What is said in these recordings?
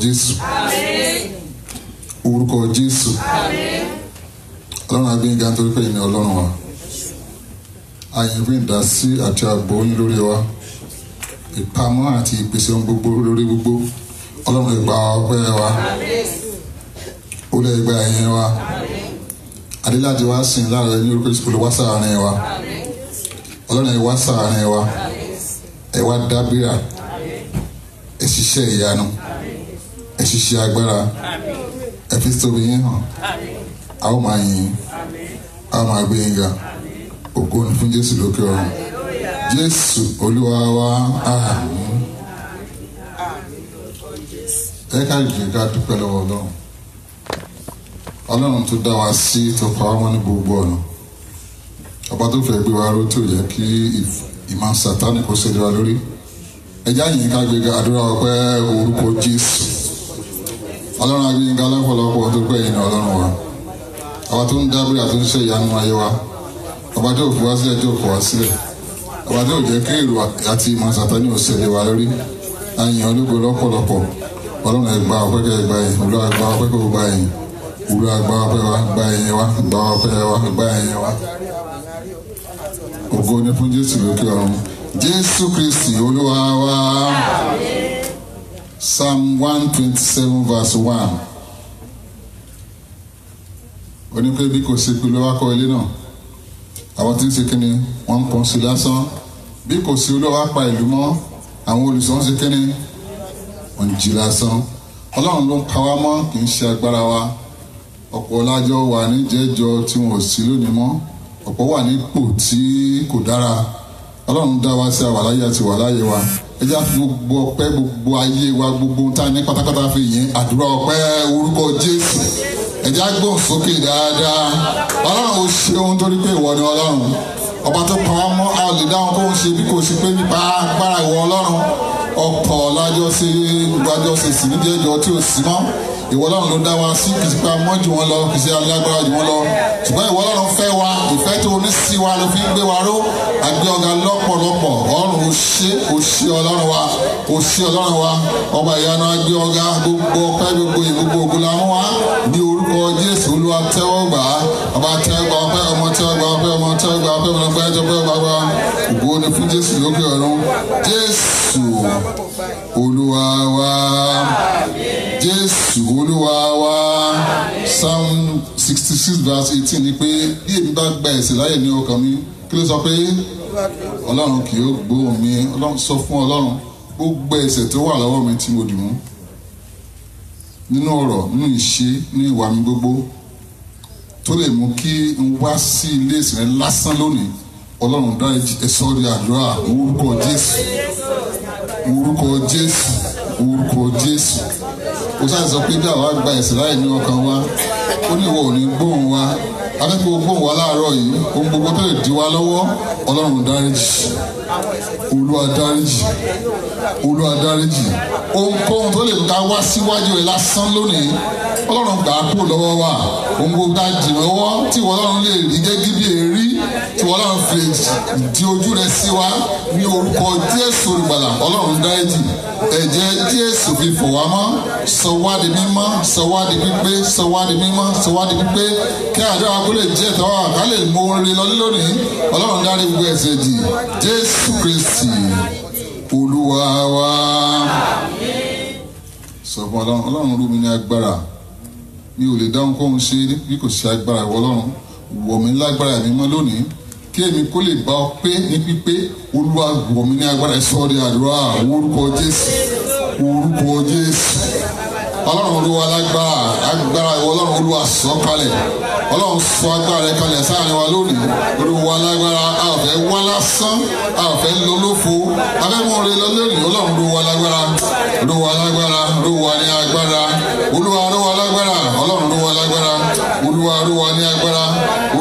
Jesu, urukọ Jesu, Ọlọ́run agbẹ́yìnká nítorí pé ìní Ọlọ́run wa. Àyìn fún ìdásí àti ààbò yín lórí wa. Ìpamọ́ àti ìpèsè ohun gbogbo lórí gbogbo. Ọlọ́run ìgbà ọpẹ́ wa. Olú ẹgbẹ́ àyìn wa. wa sìn láàrẹ ní orúkọ ìsìnkú wá sáàárín wa. Ọlọ́run ẹ̀ wa. dábìrà. ìyanu. ẹ ṣiṣẹ́ agbára ẹ fi tóbi yín hàn a ó máa yìn a ó máa gbé yín ga ògo ni fún Jésù lókè ọ̀run Jésù Olúwa wa àmín ẹ ká jẹ ká dúpẹ́ lọ́wọ́ Ọlọ́run Ọlọ́run tó dá wa sí tó pa wá mọ́ ní gbogbo ọ̀nà ọba tó fẹ́ gbé wa ró tó yẹ kí ìmọ̀ sátánì kó ṣe lé wa lórí ẹjá yìí ká gbéga àdúrà ọpẹ́ orúkọ Jésù. ọlọ́run agbẹ́yìnká lọ́pọ̀lọpọ̀ tó pẹ́ yìí ni ọlọ́run wa ọba tó ń dábìrì ìyanu ayé wa ọba tó fi wá sílẹ̀ tó kọ̀ wá sílẹ̀ ọba tó jẹ́ kí àti ìmọ̀ sàtánì ò ṣẹlẹ̀ lórí àyìn ológo lọ́pọ̀lọpọ̀ ọlọ́run ẹgbà ọpẹ́kẹ́ yìí ọpẹ́kẹ́ ọpẹ́ wa gba psalm 1:27, twenty seven verse one onípe bí kò sí pẹ̀lú awakọ̀ ilé náà àwọn tí ń ṣe kínní wọ́n ń pọ́n sí lásán bí kò sí olówó apá ìlú mọ́ àwọn olùsọ̀n ṣe kínní wọ́n jí lásán ọlọ́run ló ń pa wá mọ́ kì í ṣe agbára wa ọ̀pọ̀ ọlájọ́ wà níjẹ́jọ́ tí wọn ò sí lónìí mọ́ ọ̀pọ̀ wà nípò tí kò dára ọlọ́run dá wa sí àwa láyé àti wà wa ẹ jẹ́ àfi gbogbo ọpẹ́ gbogbo ayé wa gbogbo tá ní pátápátá fi yìn àdúrà ọpẹ́ orúkọ jésù ẹ jẹ́ àgbọ̀n sókè dáadáa ọlọ́run ò ṣeun torí pé ìwọ ni ọlọ́run ọba tó pa wá mọ́ a lè dáhùn kó ń ṣe bí kò ṣe pé nípa agbára ìwọ ọlọ́run ọkọ̀ lájọ́ ṣe sì nídìí ẹjọ́ tí ò sí mọ́ ìwọ Ọlọ́run ló dá wa sí kì í ṣe pé a mọ́ jù wọ́n lọ kì í ṣe alágbára jù wọ́n lọ ṣùgbọ́n ìwọ Ọlọ́run fẹ́ wa ìfẹ́ tó ní sí wa ló fi ń gbé wa ró àgbẹ̀ ọ̀gá lọ́pọ̀lọpọ̀ ọ̀run ó ṣe ó ṣe Ọlọ́run wa ó ṣe Ọlọ́run wa ọba ìyanu àgbẹ̀ ọ̀gá gbogbo ọpẹ́ gbogbo ìgbogbo ògùn la mú wa bí orúkọ Jésù Olúwa tẹ́wọ́ gbà á ọba tẹ́wọ́ gbà ọpẹ́ ọmọ tẹ́wọ́ gbà ọpẹ́ ọmọ tẹ́wọ́ gbà ọpẹ́ ọmọ tẹ́wọ́ jésù olúwa wa jésù olúwa wa psalm sixty six verse eighteen ni pé bí èmi bá gba ẹ̀sìn láyè ní ọkàn mi kí ló sọ pé ọlọ́run kì yóò gbóhùn mi ọlọ́run sọ fún ọlọ́run gbogbo ẹ̀ṣẹ̀ tó wà lọ́wọ́ mi tí mo dì mú nínú ọ̀rọ̀ nínú ìṣe nínú ìwà mi gbogbo tó lè mú kí n wá sí ilé ìsìn rẹ lásán lónìí ọlọ́run dá sọ́rí àdúrà orúkọ jésù orúkọ jésù orúkọ jésù kò sáà sọ pé bí àwa gba ẹ̀sìn láì ní ọkàn wa ó ní ìwọ ò ní gbóhùn wa adẹ́kun gbogbo wà láàárọ̀ yìí ohun gbogbo tó lè di wa lọ́wọ́ ọlọ́run dáríjì olúwa dáríjì olúwa dáríjì ohunkóhun tó lè ká wá síwájú rẹ lásán lónìí ọlọ́run gbà á kú lọ́wọ́ wa ohun gbogbo tá a jì lọ́wọ́ tí ìwọ ọlọ́run lè rí gẹ́gẹ́ bí èrí tí ìwọ ọlọ́run fi di ojú rẹ sí wa ní orúkọ jésù olùgbàlà ọlọ́run dáríjì ẹ̀jẹ̀ jésù fi fọ̀ wá mọ́ sọ wá di mímọ́ sọ wá di pípé sọ wá di mímọ́ sọ wá di pípé kí àdúrà kó lè jẹ́ ẹ̀tọ́ wa ká lè mọ orin lọ lónìí ọlọ́run dárí gbogbo ẹ̀ṣẹ̀ jì jésù kristi olúwa wa. sọ ọlọ́run ọlọ́run rú mi ní agbára mi ò lè dáhùn kóhun ṣe bí kò ṣe agbára ìwọ ọlọ́run wọ̀ mí lágbára mi mọ́ lónìí kí èmi kó lè bá ọ pé ní pípé olúwa wọ̀ mí ní agbára ẹ̀sọ́ ọ̀rẹ́ àdúrà orúkọ jésù orúkọ jésù ọlọ́run olúwa lágbára agbára ìwọ ọlọ́run olúwa sọ̀kalẹ̀ ọlọ́run sọ agbára ẹ̀ kalẹ̀ sáàrin wa lónìí lórí wa lágbára àfẹ́ wá lásán àfẹ́ lólófo abẹ́mọ̀re lọ́lẹ́lì ọlọ́run ló wa lágbára ló wa lágbára ló wa ní agbára olúwa ló wa lágbára ọlọ́run ló wa lágbára olúwa ló wa ní agbára.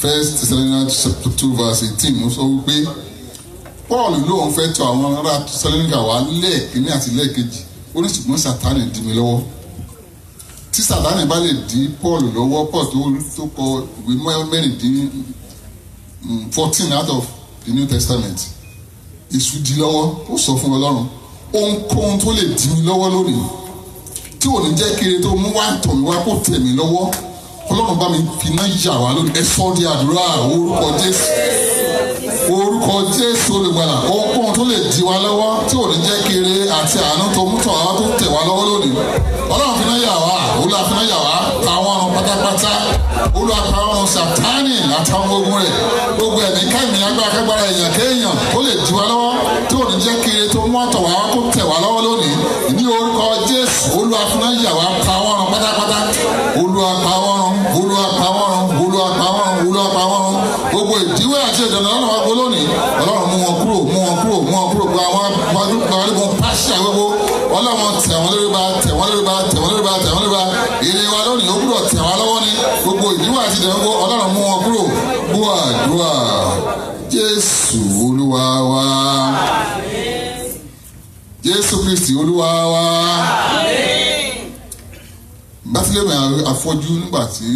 first Thessalonians chapter two verse eighteen ó sọ wípé Paul lóun fẹ́ tọ̀ àwọn ará Thessalonica wá lẹ́ẹ̀kínní àti lẹ́ẹ̀kejì ó ní ṣùgbọ́n Sátánì dí mi lọ́wọ́ tí Sátánì bá lè dí Paul lọ́wọ́ Paul tó kọ ìwé mẹ́rìndínlẹ́ mm, fourteen out of the New Testament èṣù di lọ́wọ́ ó sọ fún Ọlọ́run ohunkóhun tó lè dí mi lọ́wọ́ lónìí tí ò ní jẹ́ kiri tó mú wá tọ̀ mí wá kó tẹ̀ mí lọ́wọ́ ọlọ́run bá mi finá yà wá lónìí ẹ sọ di àdúrà orúkọ jésù orúkọ jésù olùgbàlà ohunkóhun tó lè di wa lọ́wọ́ tí ò ní jẹ́ kéré àti àánú tó mú tàn wá tó tẹ̀ wá lọ́wọ́ lónìí ọlọ́run finá yà wá olúwa finá yà wá táwọn ọ̀run pátápátá olúwa pa ọ̀run sàtánì àtàwọn ogun rẹ̀ gbogbo ẹ̀mí kẹ́mi agbára èèyàn kéèyàn tó lè di wa lọ́wọ́ tí ò ní jẹ́ kéré tó mú wá tó tẹ̀ wá lọ́wọ́ lónìí ní orúkọ jésù olúwa finá yà wá táwọn ọ̀run pátápátá olúwa pa gbogbo ìdíwé àti ìdènà ọlọ́run wa gbóló ní ọlọ́run mú wọn kúrò mú wọn kúrò mú wọn kúrò gba àwọn gbàgbọ́n pàṣẹ gbogbo ọlọ́run tẹ̀ wọ́n lórí ba tẹ̀ wọ́n lórí ba tẹ̀ wọ́n lórí ba tẹ̀ wọ́n lórí ba ìrìn wa lónìí ó gbúdọ̀ tẹ̀ wá lọ́wọ́ ni gbogbo ìdíwé àti ìdènà ọlọ́run mú wọn kúrò gbọ́ àdúrà jésù olúwa wa jésù kristi olúwa wa bátìlẹ́mì afọ́jú nígbà tí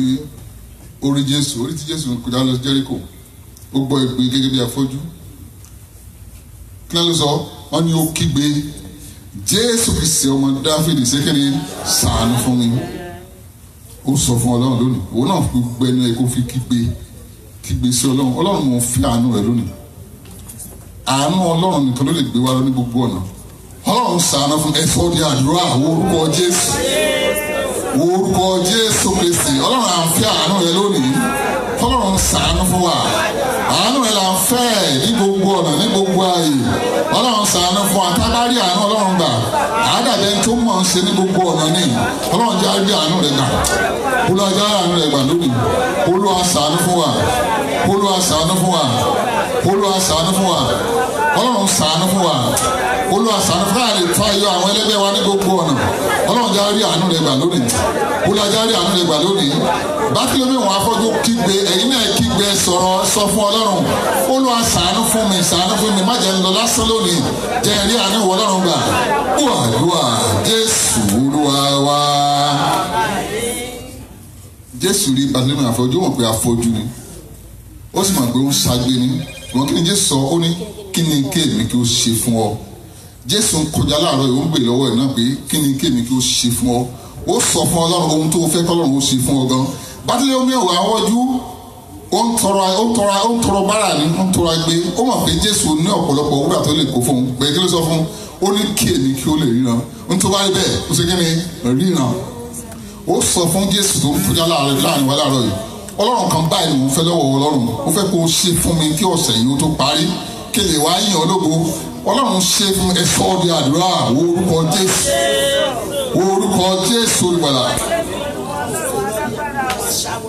ó rí jésù ó rí tí jésù kọjá lọ sí jẹ́ríkò ó gbọ́ ìpè gẹ́gẹ́ bí afọ́jú kí ló sọ wọ́n ní ó kígbe jésù Kristi ọmọ dáfídì sékèrè ṣàánú fún mi ó sọ fún ọlọ́run lónìí òun náà fi gbẹnu ẹ kó fi kígbe kígbe sí ọlọ́run ọlọ́run mò ń àánú rẹ lónìí àánú ọlọ́run nìkan ló lè gbé wa lọ ní gbogbo ọ̀nà ọlọ́run ṣàánú fún ẹ̀fọ́ ní àdúrà orúkọ jésù orúkọ Jésù Kristi ọlọ́run à ń fi àánú rẹ lónìí kọ́lọ́run ṣàánú fún wa àánú rẹ̀ là ń fẹ́ ní gbogbo ọ̀nà ní gbogbo ààyè ọlọ́run ṣàánú fún wa tá a bá rí àánú ọlọ́run gbà àádàbẹ̀ tó mọ̀ ń ṣe ní gbogbo ọ̀nà ní ọlọ́run jẹ́ àrí àánú rẹ̀ gbà olúwa jẹ́ àrí àánú rẹ̀ gbà lónìí olúwa ṣàánú fún wa olúwa ṣàánú fún wa olúwa ṣàánú fún wa ọlọ́run ṣàánú fún wa olúwa ṣàánú fún àlè fa iyọ àwọn ẹlẹgbẹ́ wa ní gbogbo ọ̀nà ọlọ́run jẹ́ àrí àánú rẹ̀ gbà lónìí olúwa jẹ́ àrí àánú rẹ̀ gbà lónìí bákílómì wọn afọ́jú kígbe èyí náà kígbe sọ̀rọ̀ sọ fún ọlọ́run olúwa ṣàánú fún mi ṣàánú fún mi má jẹ́ ń lọ lásán lónìí jẹ́ rí àánú ìwọ ọlọ́run gbà wà lúwà jésù olúwa wá. jésù rí balẹ̀mọ̀ àfọjú mọ̀ pé afọ́jú ni ó sì mọ̀ pé ń ṣagbe ni wọn kí ni jésù sọ ó ní kí ni kéèmí kí ó ṣe fún ọ jésù ń kọjá láàárọ̀ ìwọ́n gbè lọ́wọ́ ẹ̀ náà pé kí ni kéèmí kí ó ṣe fún ọ ó sọ fún ọlọ́run ohun tó fẹ́ kọ́lọ́run ó ṣe fún ọ gan bátìlẹ́wọ́n mi ò wá ó ń tọrọ ó ń tọrọ ó ń tọrọ bára ní ó ń tọrọ gbé ó mọ̀ pé jésù ní ọ̀pọ̀lọpọ̀ wúrà tó lè kó fún un bẹ́ẹ̀ kí ló sọ fún un ó ní kí èmi kí ó lè ríran ń tó bá rí bẹ́ẹ̀ ó ṣe kí ni ríran ó sọ fún jésù tó ń kọjá láàrin wa láàárọ̀ yìí ọlọ́run kan báyìí ni mo fẹ́ lọ́wọ́ ọlọ́run mo fẹ́ kó o ṣe fún mi kí ọ̀sẹ̀ yìí ó tó parí kí lè wá yìn ológo ọlọ́run ṣe fún ẹ̀fọ́ ọdẹ àdúrà wo orúkọ jésù wo orúkọ jésù olùgbàlà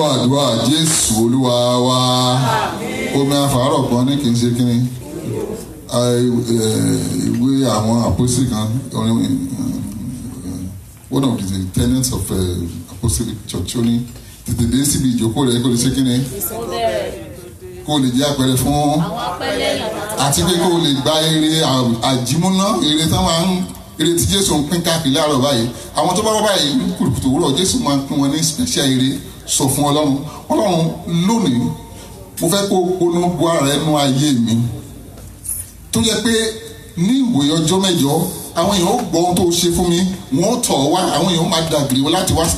gbọ́ àdúrà Jésù Olúwa wa omi àfàárọ̀ kan ní kì í ṣe kínní ìwé àwọn àpòsí kan mm, mm, one of the tenants of uh, apostolic church ó ní tètè dé síbi ìjókòó rẹ̀ kó lè ṣe kínní kó lè jẹ́ àpẹẹrẹ fún àti pé kó lè gba eré àjímúná eré tí wọ́n ń eré tí Jésù ń pín káàkiri láàárọ̀ báyìí àwọn tó bá wá báyìí kùtùkùtù òwúrọ̀ Jésù máa ń pín wọn ní special eré sọ fún ọlọ́run ọlọ́run lónìí mo fẹ́ kó polongo ara ẹnu ayé mi tó yẹ pé ní ìwòye ọjọ́ mẹ́jọ àwọn èèyàn ó gbọ́ ohun tó ṣe fún mi wọ́n tọ̀ wá àwọn èèyàn máa dàgbére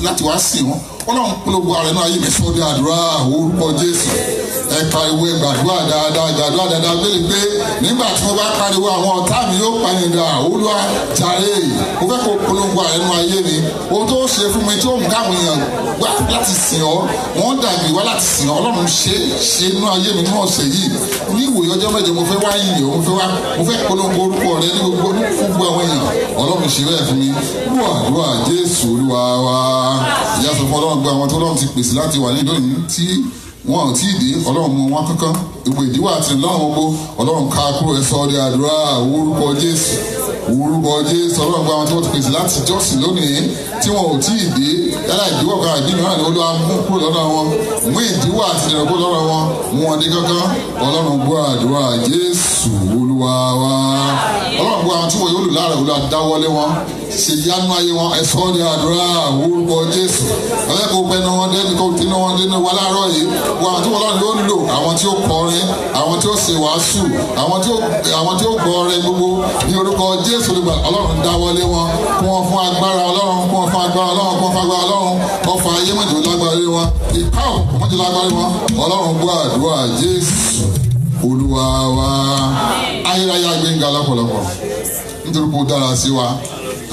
láti wá sìn wọ́n ọlọ́run pé owó ààrẹ náà yí mi sórí àdúrà orúkọ jésù ẹ̀ka ìwé gbàdúrà dáadáa gbàdúrà dáadáa bẹ́ẹ̀ pé nígbà tí mo bá pariwo àwọn ọ̀tá mi yóò pàyìndà olúwa jàre mo fẹ́ kó polongo ààrẹ náà ayé mi ohun tó ṣe fún mi tí ó mú káwọn èèyàn wá láti sìn ọ́ wọ́n dàbí wá láti sìn ọ́ ọlọ́run ṣe ṣe inú ayé mi ní ọ̀sẹ̀ yìí ní ìwòye ọjọ́ mẹ́jọ mo fẹ́ wá yìnyín mo fẹ́ wá mo fẹ́ polongo orúkọ rẹ ní gbogbo fún gbogbo àwọn èèyàn ọlọ́run ṣe bẹ́ẹ̀ fún mi wọ́n àdúrà jésù olúwa wa ìyá sọ fún ọlọ́run gba àwọn tó lọ́run ti pèsè láti wà nílò yìí tí wọn ò tí ì dé ọlọ́run mú wọn kankan gbogbo ìdíwọ́ àti lọ́run gbó ọlọ́run ká kúrò ẹ̀fọ́ ọdẹ àdúrà orúkọ jésù orúkọ jésù ọlọ́run gba àwọn tó ti pèsè láti jọ́sìn lónìí tí wọn ò tí ì dé yálà ìdíwọ́ kan àbí mìíràn ni olúwa mú kúrò lọ́dọ̀ wọn mú ìdíwọ́ àti ìdìrọ̀gbó lọ́dọ̀ wọn mú wọn dé kankan ọlọ́run gbọ́ àdúrà jésù olúwa wa ọlọ́run gbọ́ àwọn tí wọ́n yóò lù láàrẹ̀ olúwa dáwọ́lé wọn ṣèjì àánú ayé wọn ẹ̀fọ́ ní àdúrà orúkọ Jésù ọ̀rẹ́ kò pẹ́ ní wọn dẹ́ni kò tí ní wọn dẹ́ni wà láàárọ̀ yìí wọ àwọn wọn lọ́nà ló ń lò àwọn tí ó kọrin àwọn tí ó ṣe wàásù àwọn tí ó gbọ́ọ̀rẹ́ gbogbo ní orúkọ Jésù nígbà Ọlọ́run dáwọlé wọn kí wọ́n fún agbára Ọlọ́run kí wọ́n fún agbára Ọlọ́run kí wọ́n fún agbára Ọlọ́run kọ́ fa ayé mọ̀jọ́ lágbára wọn ìká òkú mọ̀jọ́ lágbára wọn Ọlọ́run gbọ́ àdúrà Jésù Olúwa wa ayérayé agbẹ́ngà lọ́pọ̀lọpọ̀ nítorí pé dára sí wa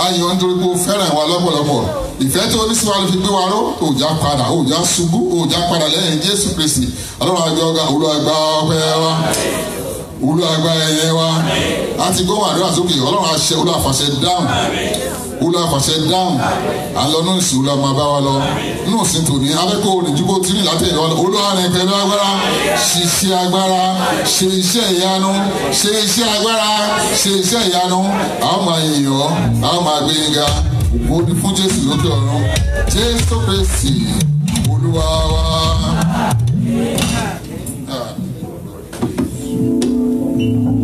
ayọ̀ ń torí pé o fẹ́ràn wa lọ́pọ̀lọpọ̀ ìfẹ́ tó ní síwájú fi gbé wa ró òjá padà òjá ṣubú òjá padà lẹ́yìn Jésù Kristi ọlọ́run àgbẹ̀ ọ̀gá olùwàgbà ọpẹ́ wa olùwàgbà ẹ̀yẹ wa àti gbọ́wọ́ àdúrà sókè ọlọ́run àṣẹ olùwàfàṣẹ dáhùn wúlò àfàṣẹ dáhùn alọ́nù ìsìn wúlò máa bá wa lọ nínú ìsìn tòní abẹ́kọ̀ òrìjúbó tìrì látẹ̀yìn lọ́wọ́ olúwarẹ̀ pẹ̀lú agbára ṣiṣẹ́ agbára ṣe iṣẹ́ ìyanu ṣe iṣẹ́ agbára ṣe iṣẹ́ ìyanu àwọn máa yìn ọ́ àwọn máa gbé yín ga òkú ní fún jésù lókè ọ̀run jésù kristi olúwa wa. Thank ah. you.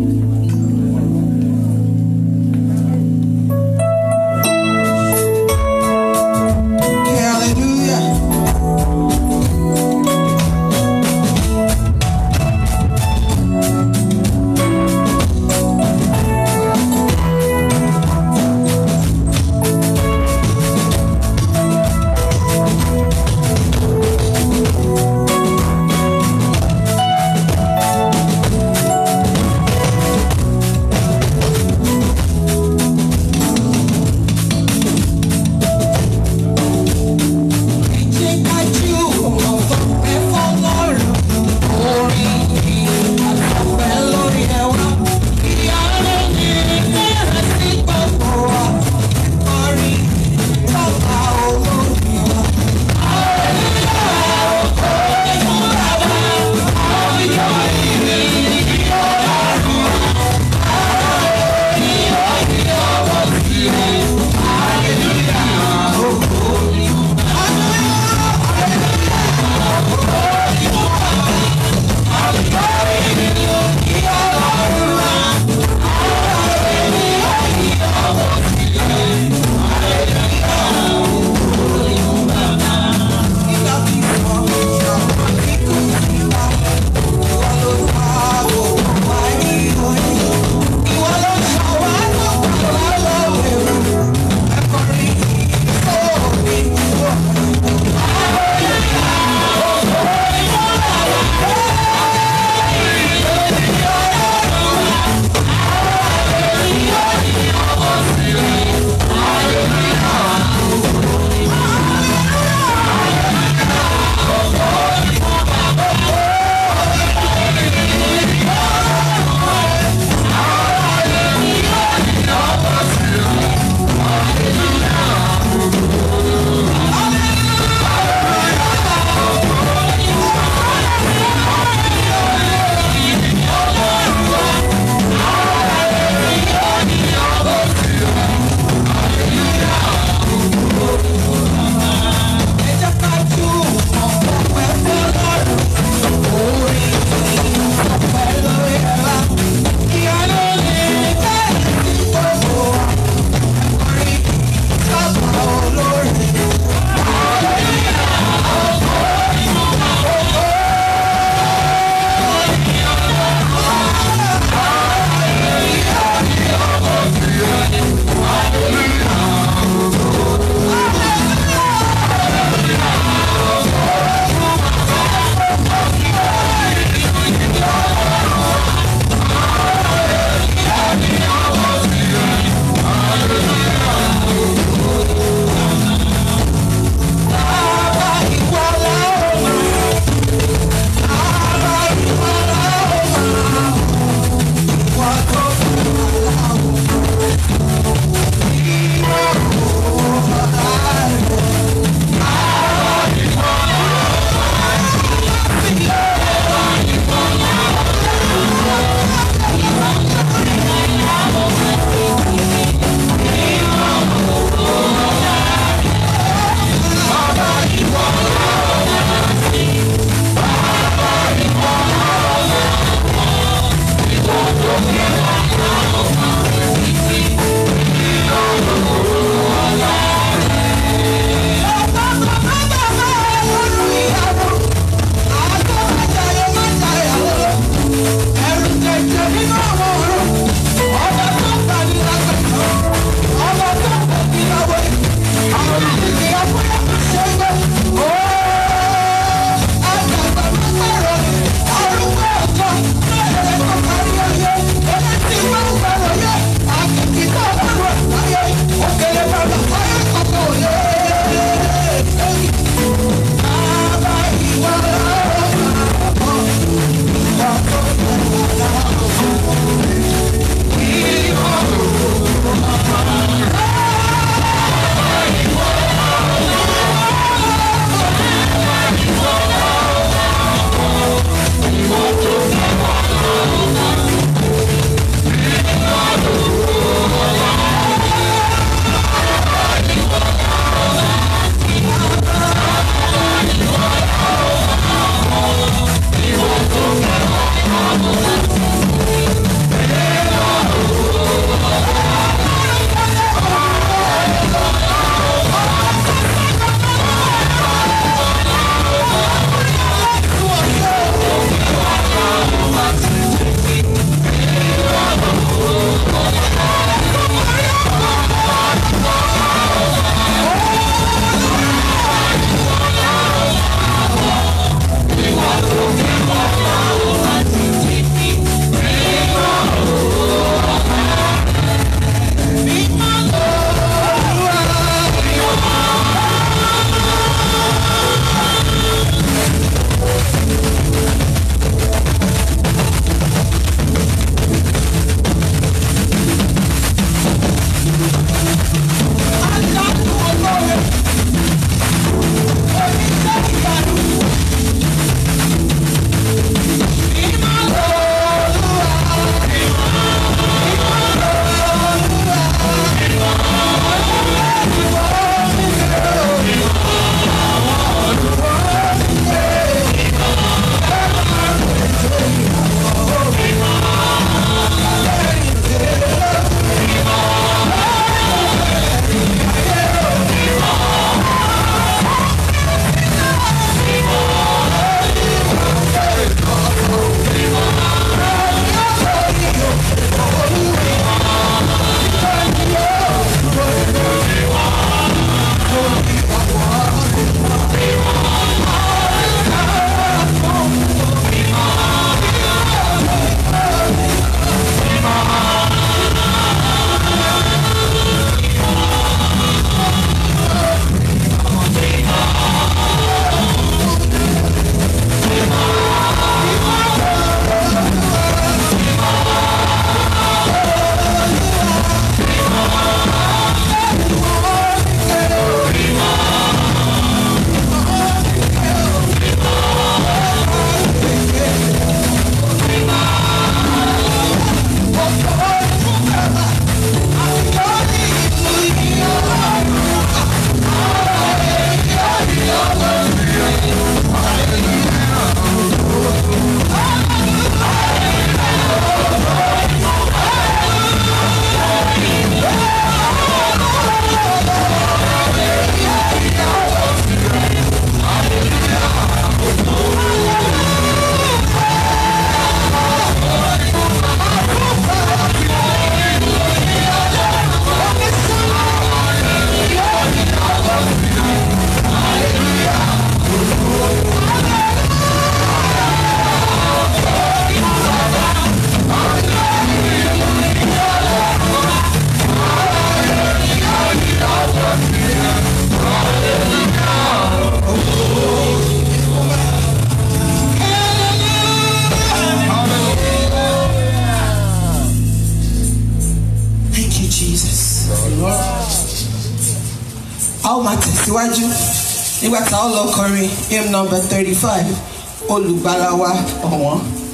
nígbà táwọn lọ kọrin hymn number thirty five olùgbàlà wa ọ̀wọ́n.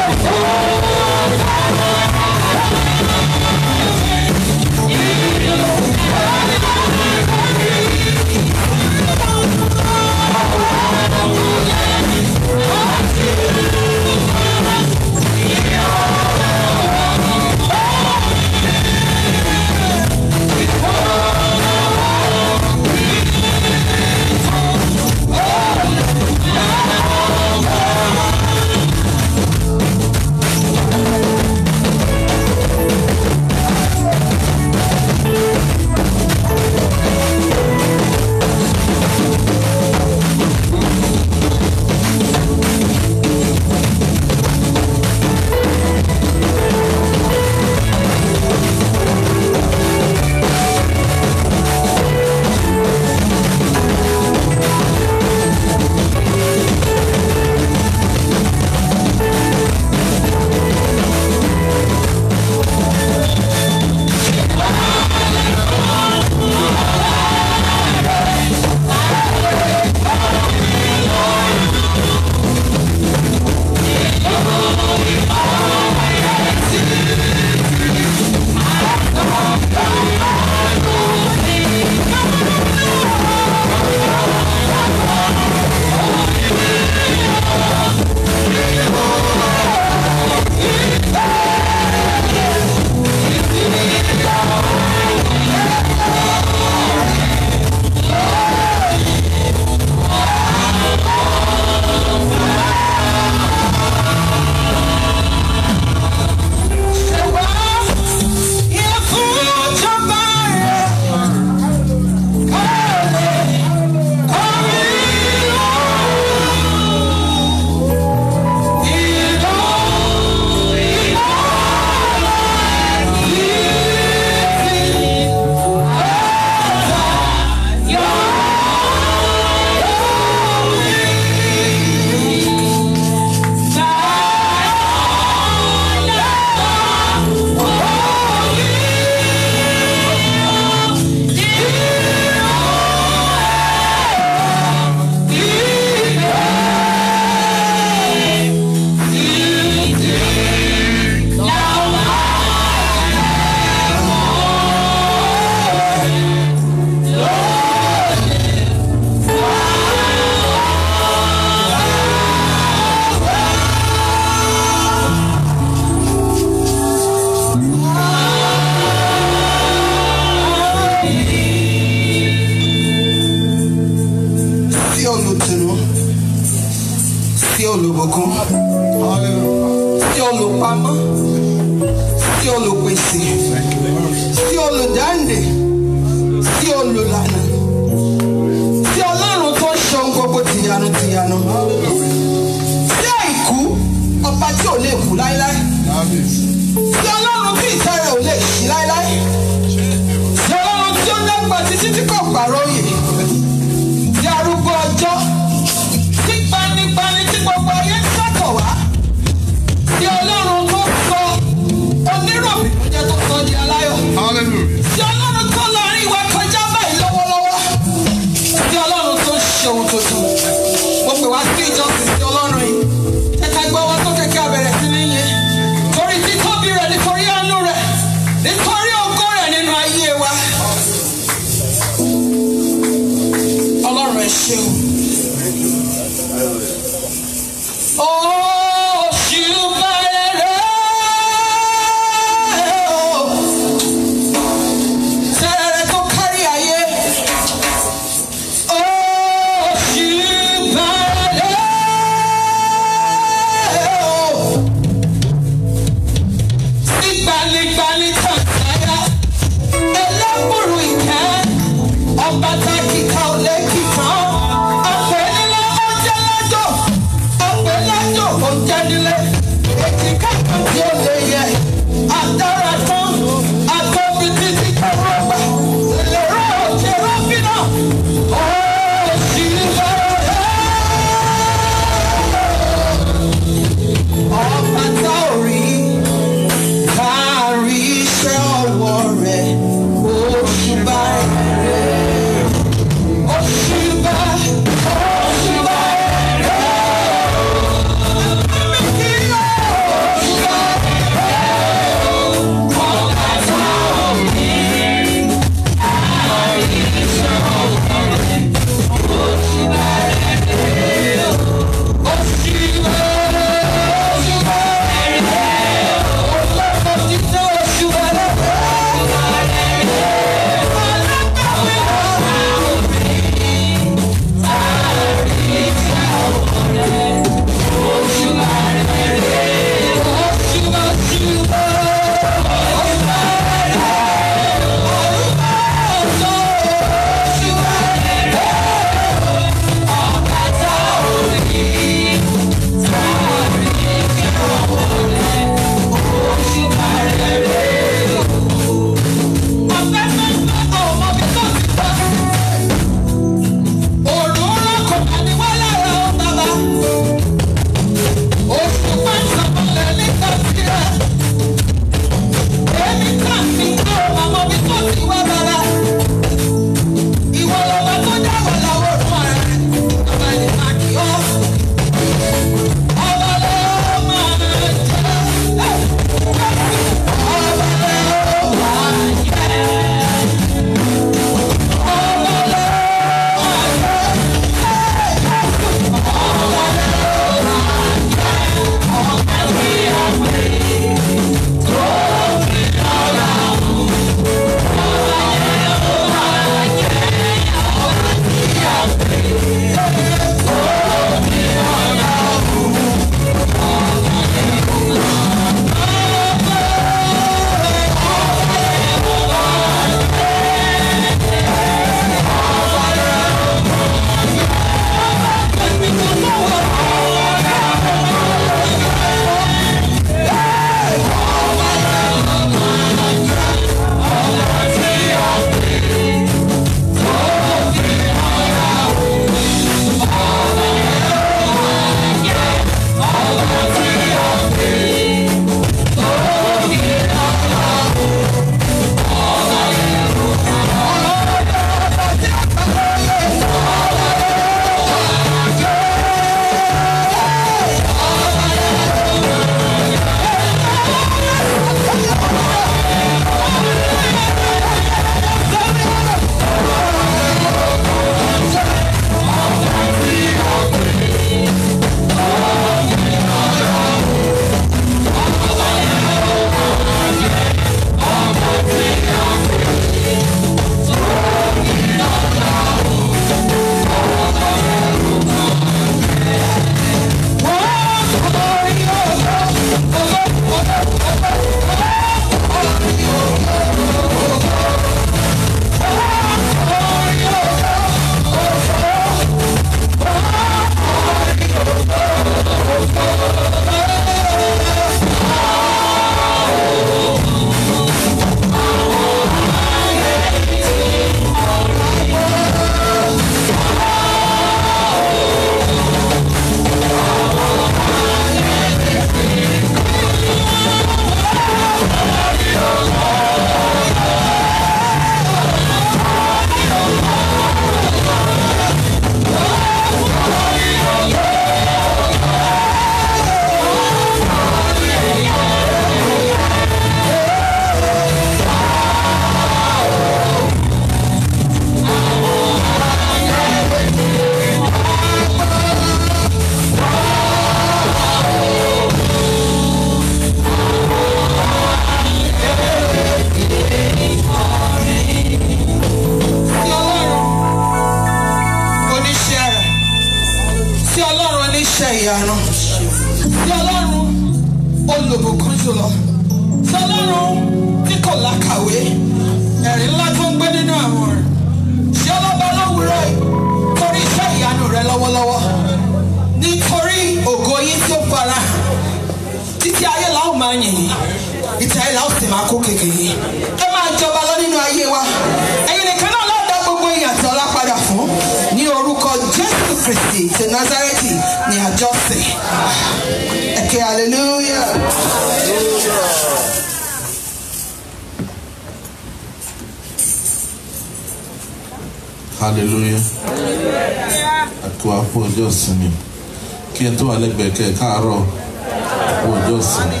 àárọ̀ owó ọjọ́ ìsinmi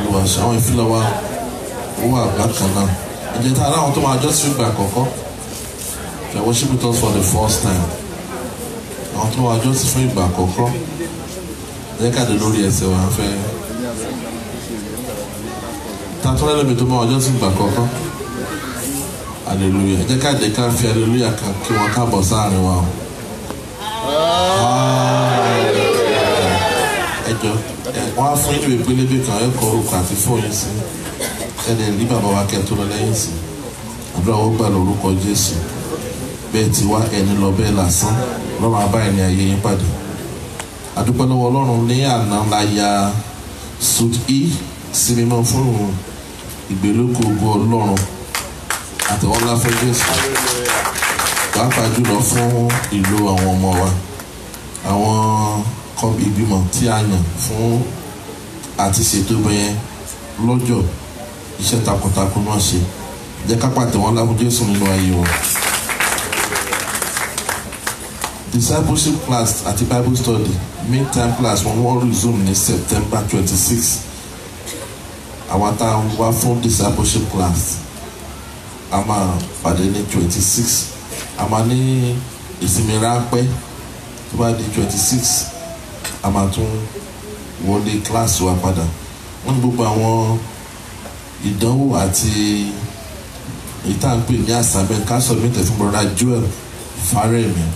olùwà àwọn ìfilọ̀ wa owó àgbà kan náà ìjẹ́ tá a láwọn tó máa jọ́ sí ìgbà àkọ́kọ́ they worship with us for the first time àwọn tó máa jọ́ sí fún ìgbà àkọ́kọ́ ẹ̀jẹ̀ káàdé lórí ẹsẹ̀ wa fẹ́ tatọ́lẹ́ lómi tó máa jọ́ sí ìgbà àkọ́kọ́ hallelujah ẹ̀jẹ̀ káàdé ká fi hallelujah kí wọ́n káàbọ̀ sáàrin wa o. wọ́n á fún ìwé pélébé kan ẹ̀kọ́ orúkọ àti fọ́yín sí ẹ̀dẹ̀ ní bàbá wa kẹ́tọ́ lọ lẹ́yìn sí àdúrà ó gbà lórúkọ Jésù bẹ́ẹ̀ ti wá ẹni lọ bẹ́ẹ̀ lásán lọ́rùn abáyé ni ayé yín pàdé àdúpẹ́ lọ́wọ́ Ọlọ́run ní àná la ya sud e sí mímọ́ fún ìgbélókò ògo Ọlọ́run àtẹ̀wọ́n ńlá Jésù pàápàá jùlọ fún ìlú àwọn ọmọ wa àwọn kọ́bí ìbímọ tí a yàn fún àti ṣètò bẹyẹn lọ́jọ́ iṣẹ́ takuntakun náà ṣe jẹ́ ká pàtẹ lábú Jésù nínú ayé wọn. discipleship class àti bible study meantime class wọn wọ́n resume ní september twenty six àwọn tá a wá fún discipleship class a máa pàdé ní twenty six a máa ní ìsinmi ráńpẹ́ tó bá di twenty six a máa tún wọlé kíláàsì wa padà wọ́n ní gbogbo àwọn ìdánwò àti ìtànpé ní àsàbẹ̀ ká submit fún brother Joel Faremi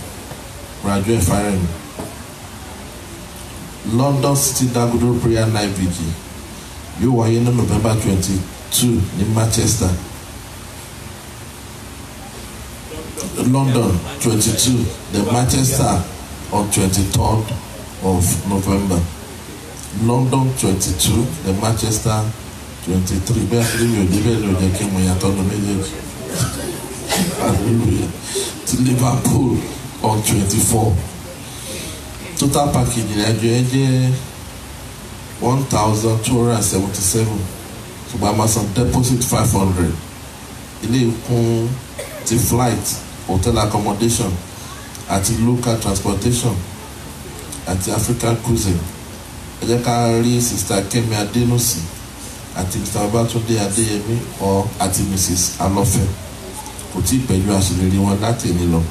brother Joel Faremi London City Dagodo prayer night vigil yóò wáyé ní November twenty two ní Manchester London twenty two the Manchester on twenty third of November. London twenty two ẹ̀ Manchester twenty three bẹ́ẹ̀ ni mi ò dé bẹ́ẹ̀ ni ò jẹ́ kí mo yàtọ̀ ní méjèèjì hallelujah ti Liverpool on twenty four total package ìrìnàjò ẹ jẹ́ one thousand two hundred and seventy seven ṣùgbọ́n a máa san deposit five hundred ilé ìkún ti flight hotel accommodation àti local transportation àti African cruising ẹ jẹ́ ká rí sista Kẹ́mi Adénúsì àti mr Babátúndé Adéyẹmí ọ àti mrs Alọ́fẹ́ kò tí ì pẹ̀lú àṣeyọrí wọn láti ní lọ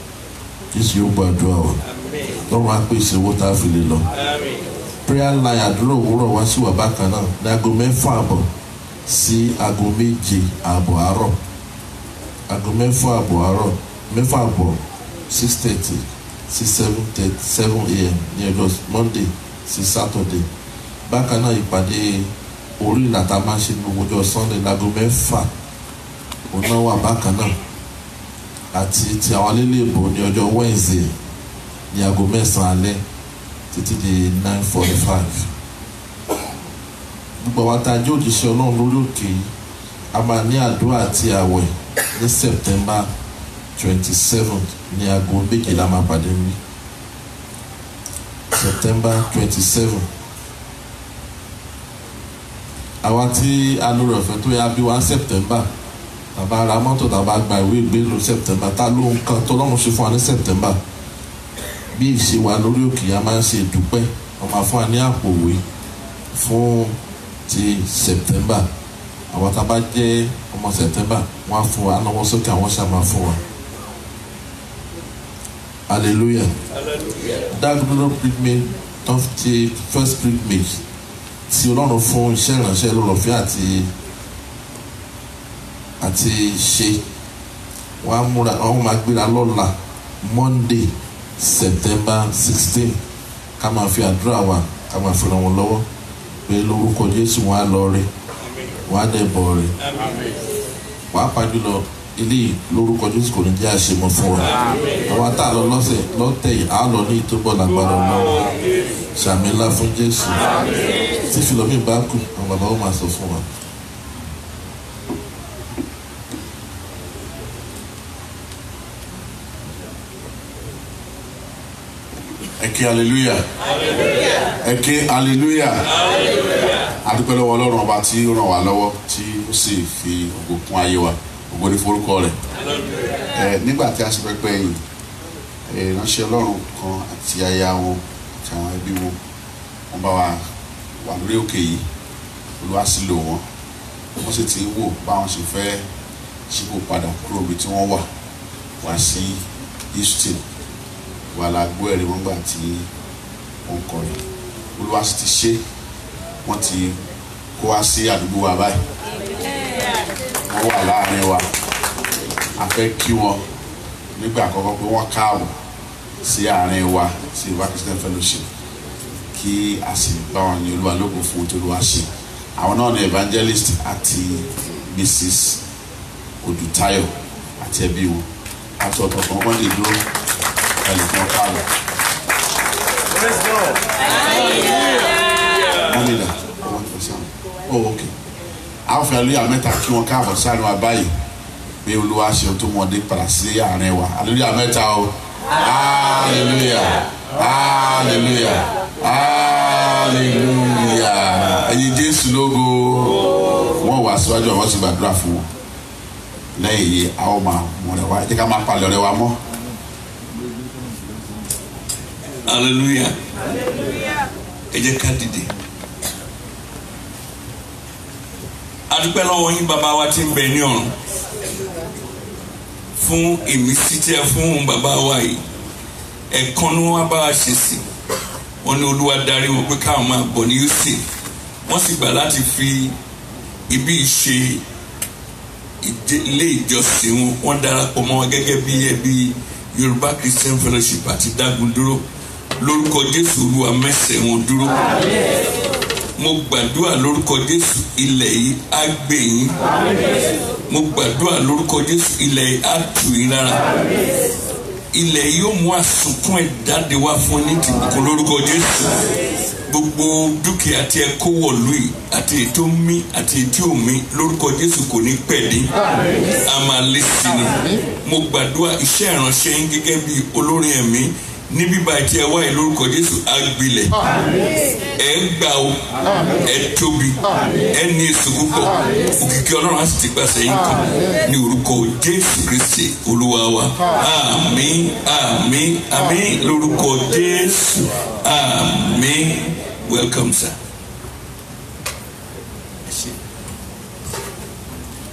jésù yóò gbọ́ àdúrà wa lọ́run á pèsè owó tá a fi lè lọ prayer line àdúrà òwúrọ̀ wá sí wà bákan náà ní aago mẹ́fà àbọ̀ sí aago méje àbọ̀ àárọ̀ aago mẹ́fà àbọ̀ àárọ̀ mẹ́fà àbọ̀ six thirty sí seven thirty seven a.m. ní ọjọ́ monday sí saturday bákan náà ìpàdé orí ìlà tá máa ń ṣe ní ọjọ́ sunday láago mẹ́fà òun náà wà bákan náà àti ti àwọn alélèbò ní ọjọ́ wednesday ní aago mẹ́sàn-án alẹ́ títí di nine forty five gbogbo àwọn tá a jẹ́ òjíṣẹ́ ọlọ́run lórí òkè yìí a máa ní àdúrà àti àwẹ̀ ní september twenty seven ní aago méjìlá máa pàdé mi september twenty seven àwa tí a lò rẹ̀ fẹ́ tó yá bí wá september tàbá ra mọ́tò tàbá gba ìwé ìgbélú september tá ló ń kan tó lọ́run ṣe fún wa ní september bí ìṣe wa lórí òkè a máa ń ṣe ìdúpẹ́ ọmọ fún wa ní àpò òwe fún ti september àwọn tàbá jẹ́ ọmọ september wọ́n á fún wa náwó sókè àwọn ṣàmà fún wa hallelujah hallelujah that group pygmy of the first pygmy tí ọlọ́run fún iṣẹ́ ìránṣẹ́ lọ́lọ́fẹ́ àti àti ṣe wọ́n á múra wọ́n máa gbéra lọ́la Monday September sixteen ká máa fi àdúrà wa ká máa fi ràn wọ́n lọ́wọ́ pé lórúkọ Jésù wọn á lọ rí wọn á dẹ̀ bọ̀ rí wọn á pàdé lọ eléyìí lórúkọ jésù kò ní jẹ́ àṣemọ fún wa àwa tá a lọ lọ́sẹ̀ lọ́tẹ̀ yìí á lọ ní ìtúbọ̀ lágbára ọlọ́run sàmì fún jésù tí fìlọ́mì bá kù àwọn bàbá ó máa sọ fún wa. ẹ̀kẹ́ hallelujah ẹ̀kẹ́ hallelujah adúpẹ́ lọ́wọ́ ọlọ́run ọba tí ó ràn wá lọ́wọ́ tí ó sì fi ògo kún ayé wa. Hallelujah ògo ni forúkọ rẹ̀ nígbà tí a ṣe pẹpẹ yìí ìránṣẹ́ ọlọ́run kan àti aya wọn àti àwọn ẹbí wọn wọn bá wa wà lórí òkè yìí olúwa sì lò wọn wọn sì ti ń wò báwọn ṣe fẹ́ ṣípò padà kúrò ibi tí wọ́n wà wá sí houston wà lágbó ẹ̀rí wọn gbà tí wọ́n kọrin olúwa sì ti ṣe wọ́n ti kó wá sí àdúgbò wa báyìí wọ́n wà láàrin wa a fẹ́ kí wọn nígbà àkọ́kọ́ pé wọ́n káàbọ̀ sí àárín wa sí Yorùbá Christian Fellowship kí a sì bá wọn ní olúwa lóko fún ojú olúwa ṣe àwọn náà ni evangelist àti Mrs. Odutayo àti ẹbí wọn àti ọ̀tọ̀ kan wọ́n lè dúró ẹnìkan káàbọ̀. Oh, okay àwọn fẹ́ lóyà mẹ́ta kí wọn káàbọ̀ sáré wa báyìí pé olúwa ṣe tó mọ̀ dé padà sí àárín wa aleluya mẹ́ta o aleluya aleluya aleluya ẹ̀yin jésù lógo wọ́n wà síwájú àwọn sì gbàdúrà fún wọn lẹ́yìn yìí àwọn máa mọ̀rẹ̀ wá jẹ́ ká máa palẹ̀ ọ̀rẹ́ wa mọ́. aleluya ẹ jẹ́ ká dìde. adúpẹ́ lọ́wọ́ yín bàbá wa ti ń bẹ ní ọ̀run fún ìmísí tí ẹ fún bàbá wa yìí ẹ̀kan ni wọ́n bá wa ṣe sí wọ́n ní olúwa darí wọn pé káwọn máa bọ̀ ní uc wọ́n sì gbà láti fi ibi ìṣe ilé ìjọsìn wọn wọ́n darapọ̀ mọ́ wọn gẹ́gẹ́ bí ẹbí Yorùbá Christian Fellowship àti Dágundúró lórúkọ Jésù olúwa mẹ́sẹ̀ wọn dúró. Àmín mo gbàdúrà lórúkọ jésù ilẹ̀ yìí á gbè yín mo gbàdúrà lórúkọ jésù ilẹ̀ yìí á tù yín lára ilẹ̀ yìí ó mú àsùnkún ẹ̀ jáde wá fún ní tìbùkún lórúkọ jésù gbogbo dúkìá tí ẹ kó wọ̀lú yìí àti èyí tó mí àti èyí tí ò mí lórúkọ jésù kò ní pẹ̀ ní ni mo gbàdúrà iṣẹ́ ìránṣẹ́ yín gẹ́gẹ́ bí olórin ẹ̀mí ní bíbá tí ẹ wá yìí lórúkọ jésù àgbilẹ̀ ẹ ń gbà o ẹ tóbi ẹ ní èso púpọ̀ òkìkí ọlọ́run á sì ti gbà sẹ́yìn kan ní orúkọ jésù kristi olúwa wa àmín àmín lórúkọ jésù àmín welcome sir.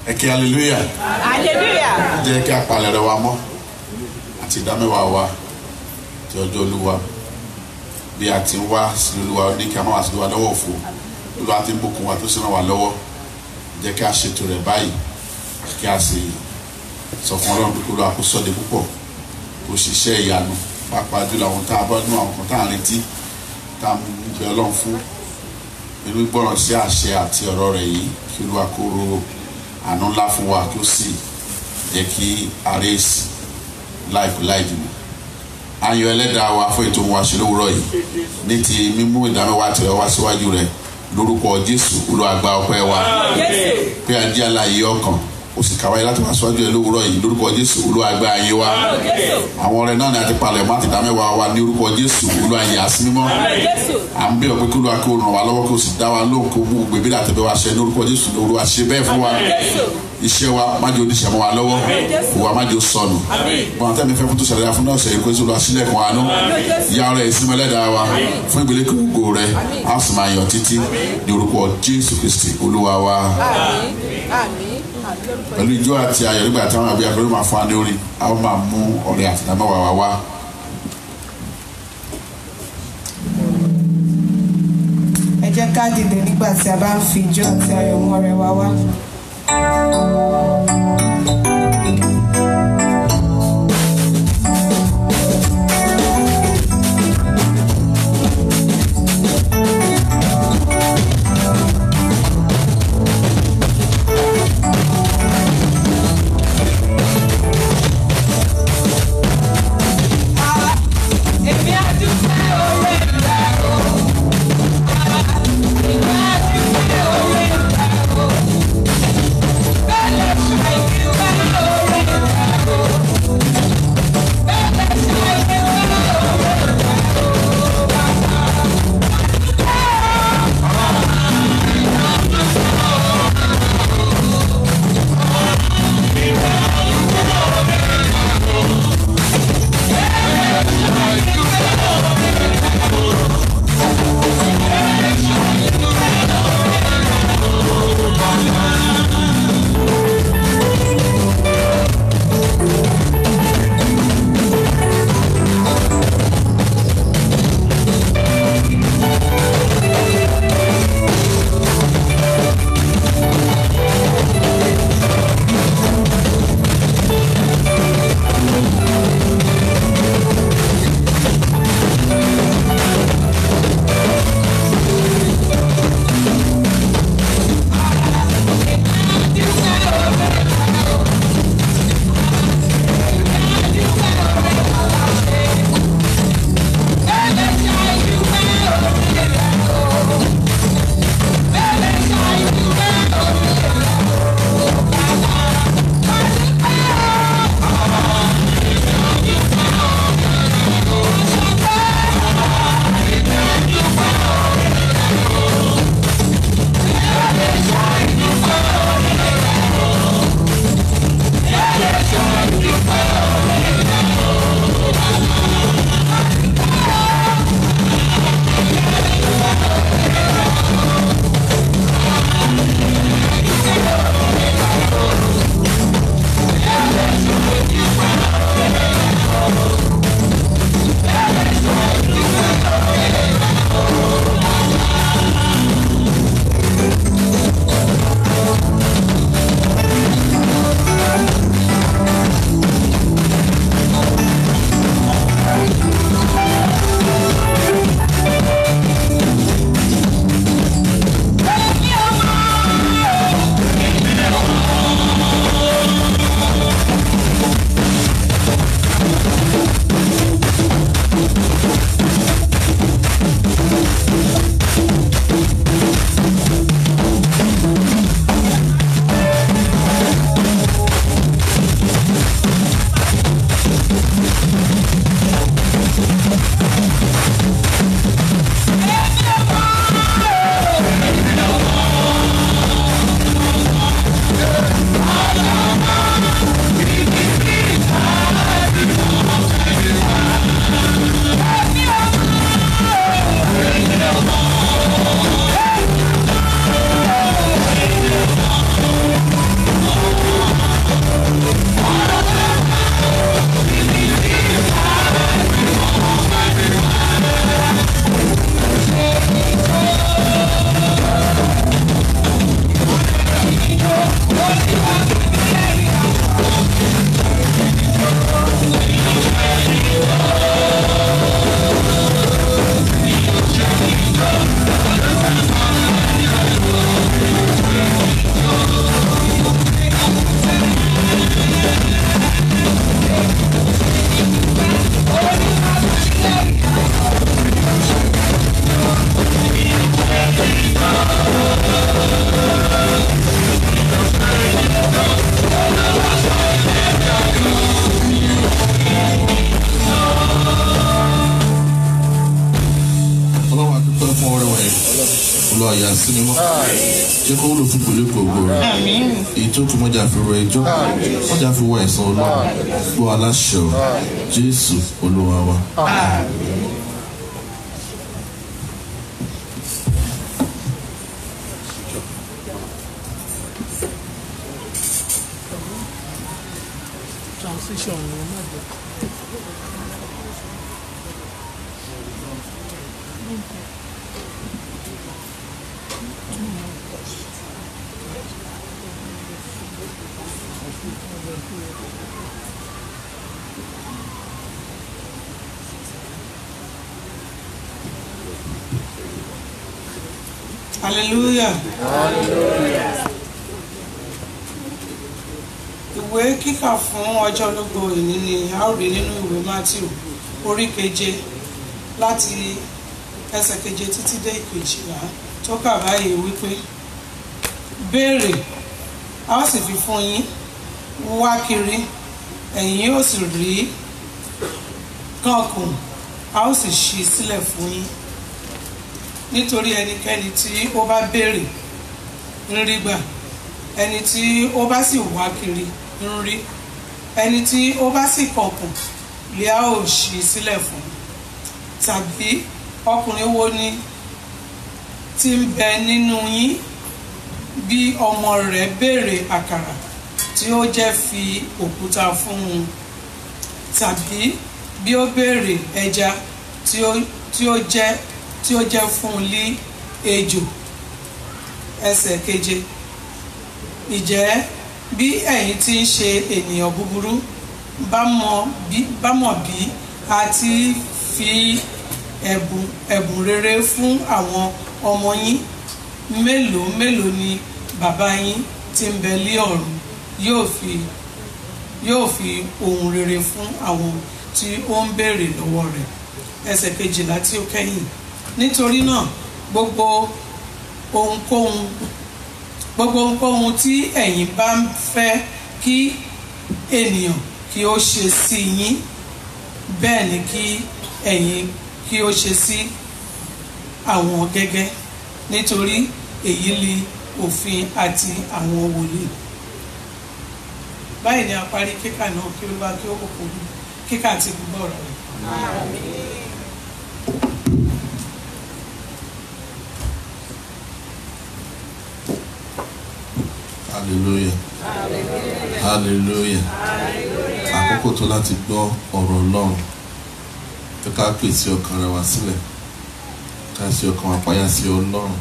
ẹ kí hallelujah. hallelujah. jẹ́ kí a palẹ̀ rẹ̀ wa mọ́ àti ìdámẹ́wàá wa ti ọjọ́ olúwa bí a ti ń wá sí olúwa ní kí a má wá sí olúwa lọ́wọ́ òfo olúwa ti ń bùkún wa tó sì ràn wá lọ́wọ́ jẹ́ kí a ṣètò rẹ̀ báyìí kí a sì sọ fún ọlọ́run pé kó lọ́wọ́ kó sọ́de púpọ̀ kó ṣiṣẹ́ ìyanu pàápàá jùlọ àwọn tá a bá nú àwọn kan tá a retí tá a mú bẹ ọlọ́run fún pẹ̀lú gbọ́ràn sí àṣẹ àti ọ̀rọ̀ rẹ̀ yìí kí olúwa kó ro àánú ńlá fún wa kó sì jẹ́ kí àárẹ̀ sí láìpẹ́ láì jùlọ ayọ̀ ẹlẹ́dàá wa fún ètò wa ṣe lówùrọ̀ yìí ní ti mímú ìdámẹ́wàá tẹ̀lé wa síwájú rẹ̀ lórúkọ jésù olùwàgbà ọpẹ́ wa pé a jẹ́ aláàyè ọkàn ó sì kàwáyé láti wá síwájú ẹ lówùrọ̀ yìí lórúkọ jésù olùwàgbà ayé wa àwọn ọ̀rẹ́ náà ni a ti palẹ̀ mọ́ àti ìdámẹ́wàá wa ní orúkọ jésù olùwàyè àsímímọ́ à ń bẹ̀ ọ́ pé kí olúwa kó ràn wá lọ́wọ́ kó sì dá wa lóhùn kó mú gbèbí àtẹ̀bẹ́ wa ṣẹ ní orúkọ jésù olúwa ṣe bẹ́ẹ̀ fún wa iṣẹ́ wa má jẹ́ oníṣẹ́ wa lọ́wọ́ ìwà má sọnù bọ́n àtẹ́mi fẹ́ fún tó fún náà ṣe ìkó ìṣòro àṣìlẹ̀kùn àánú ya ọ̀rẹ́ ìsinmi wa fún ìgbélé gbogbo rẹ a sì títí ní orúkọ Jésù Kristi Olúwa wa pẹ̀lú ijó àti ayọ̀ nígbà táwọn àbí akọrin máa fún wa ní orin a ó máa mú ọ̀rẹ́ àtìlámẹ́wà wa wá. ẹ jẹ́ ká dìde nígbà tí a bá ń fi ijó àti ayọ̀ mú ọ̀rẹ́ wa wá. Música ẹ̀san ọlọ́run gbọ́ aláṣọ jésù olúwa wa. ìbánilógo ìní ni a ó rí nínú ìwé Matthew orí keje láti ẹsẹ̀ keje títí dé ìkejìlá tó kà báyìí wípé béèrè a ó sì fi fún yín wá kiri ẹ̀yin yóò sì rí kànkùn a ó sì ṣí sílẹ̀ fún yín nítorí ẹnikẹ́ni tí ó bá béèrè ń rí gbà ẹni tí ó bá sì wá kiri ń rí ẹni tí ó bá sì kọ̀kùn lè a ò ṣí sílẹ̀ fún tàbí ọkùnrin wo ni tí ń bẹ nínú yín bí ọmọ rẹ̀ béèrè àkàrà tí ó jẹ́ fi òkúta fún un tàbí bí ó béèrè ẹja tí ó jẹ́ tí ó jẹ́ fún un lí ejò ẹsẹ̀ keje ìjẹ́ bí ẹ̀yin tí ń ṣe ènìyàn búburú bá mọ̀ bí a ti fi ẹ̀bùn ẹ̀bùn rere fún àwọn ọmọ yín mélòó mélòó ni bàbá yín tí ń bẹ lí ọ̀run yóò fi yóò fi ohun rere fún àwọn tí ó ń béèrè lọ́wọ́ rẹ̀ ẹsẹ̀ kejìlá tí ó kẹ́yìn nítorí náà gbogbo ohunkóhun gbogbo ohun tí ẹ̀yin bá ń fẹ́ kí ènìyàn kí ó ṣe sí yín bẹ́ẹ̀ ni kí ẹ̀yin kí ó ṣe sí àwọn gẹ́gẹ́ nítorí èyí ni òfin àti àwọn wòlíì báyìí ni a parí kíkà náà kí olúwa kí ó kò kò kíkà àti gbígbọ́ ọ̀rọ̀ rẹ̀. hallelujah hallelujah àkókò tó láti gbọ́ ọ̀rọ̀ ọlọ́run tó ká pèsè ọkàn rẹ̀ wá sílẹ̀ ká ṣe ọkàn wa payá sí ọlọ́run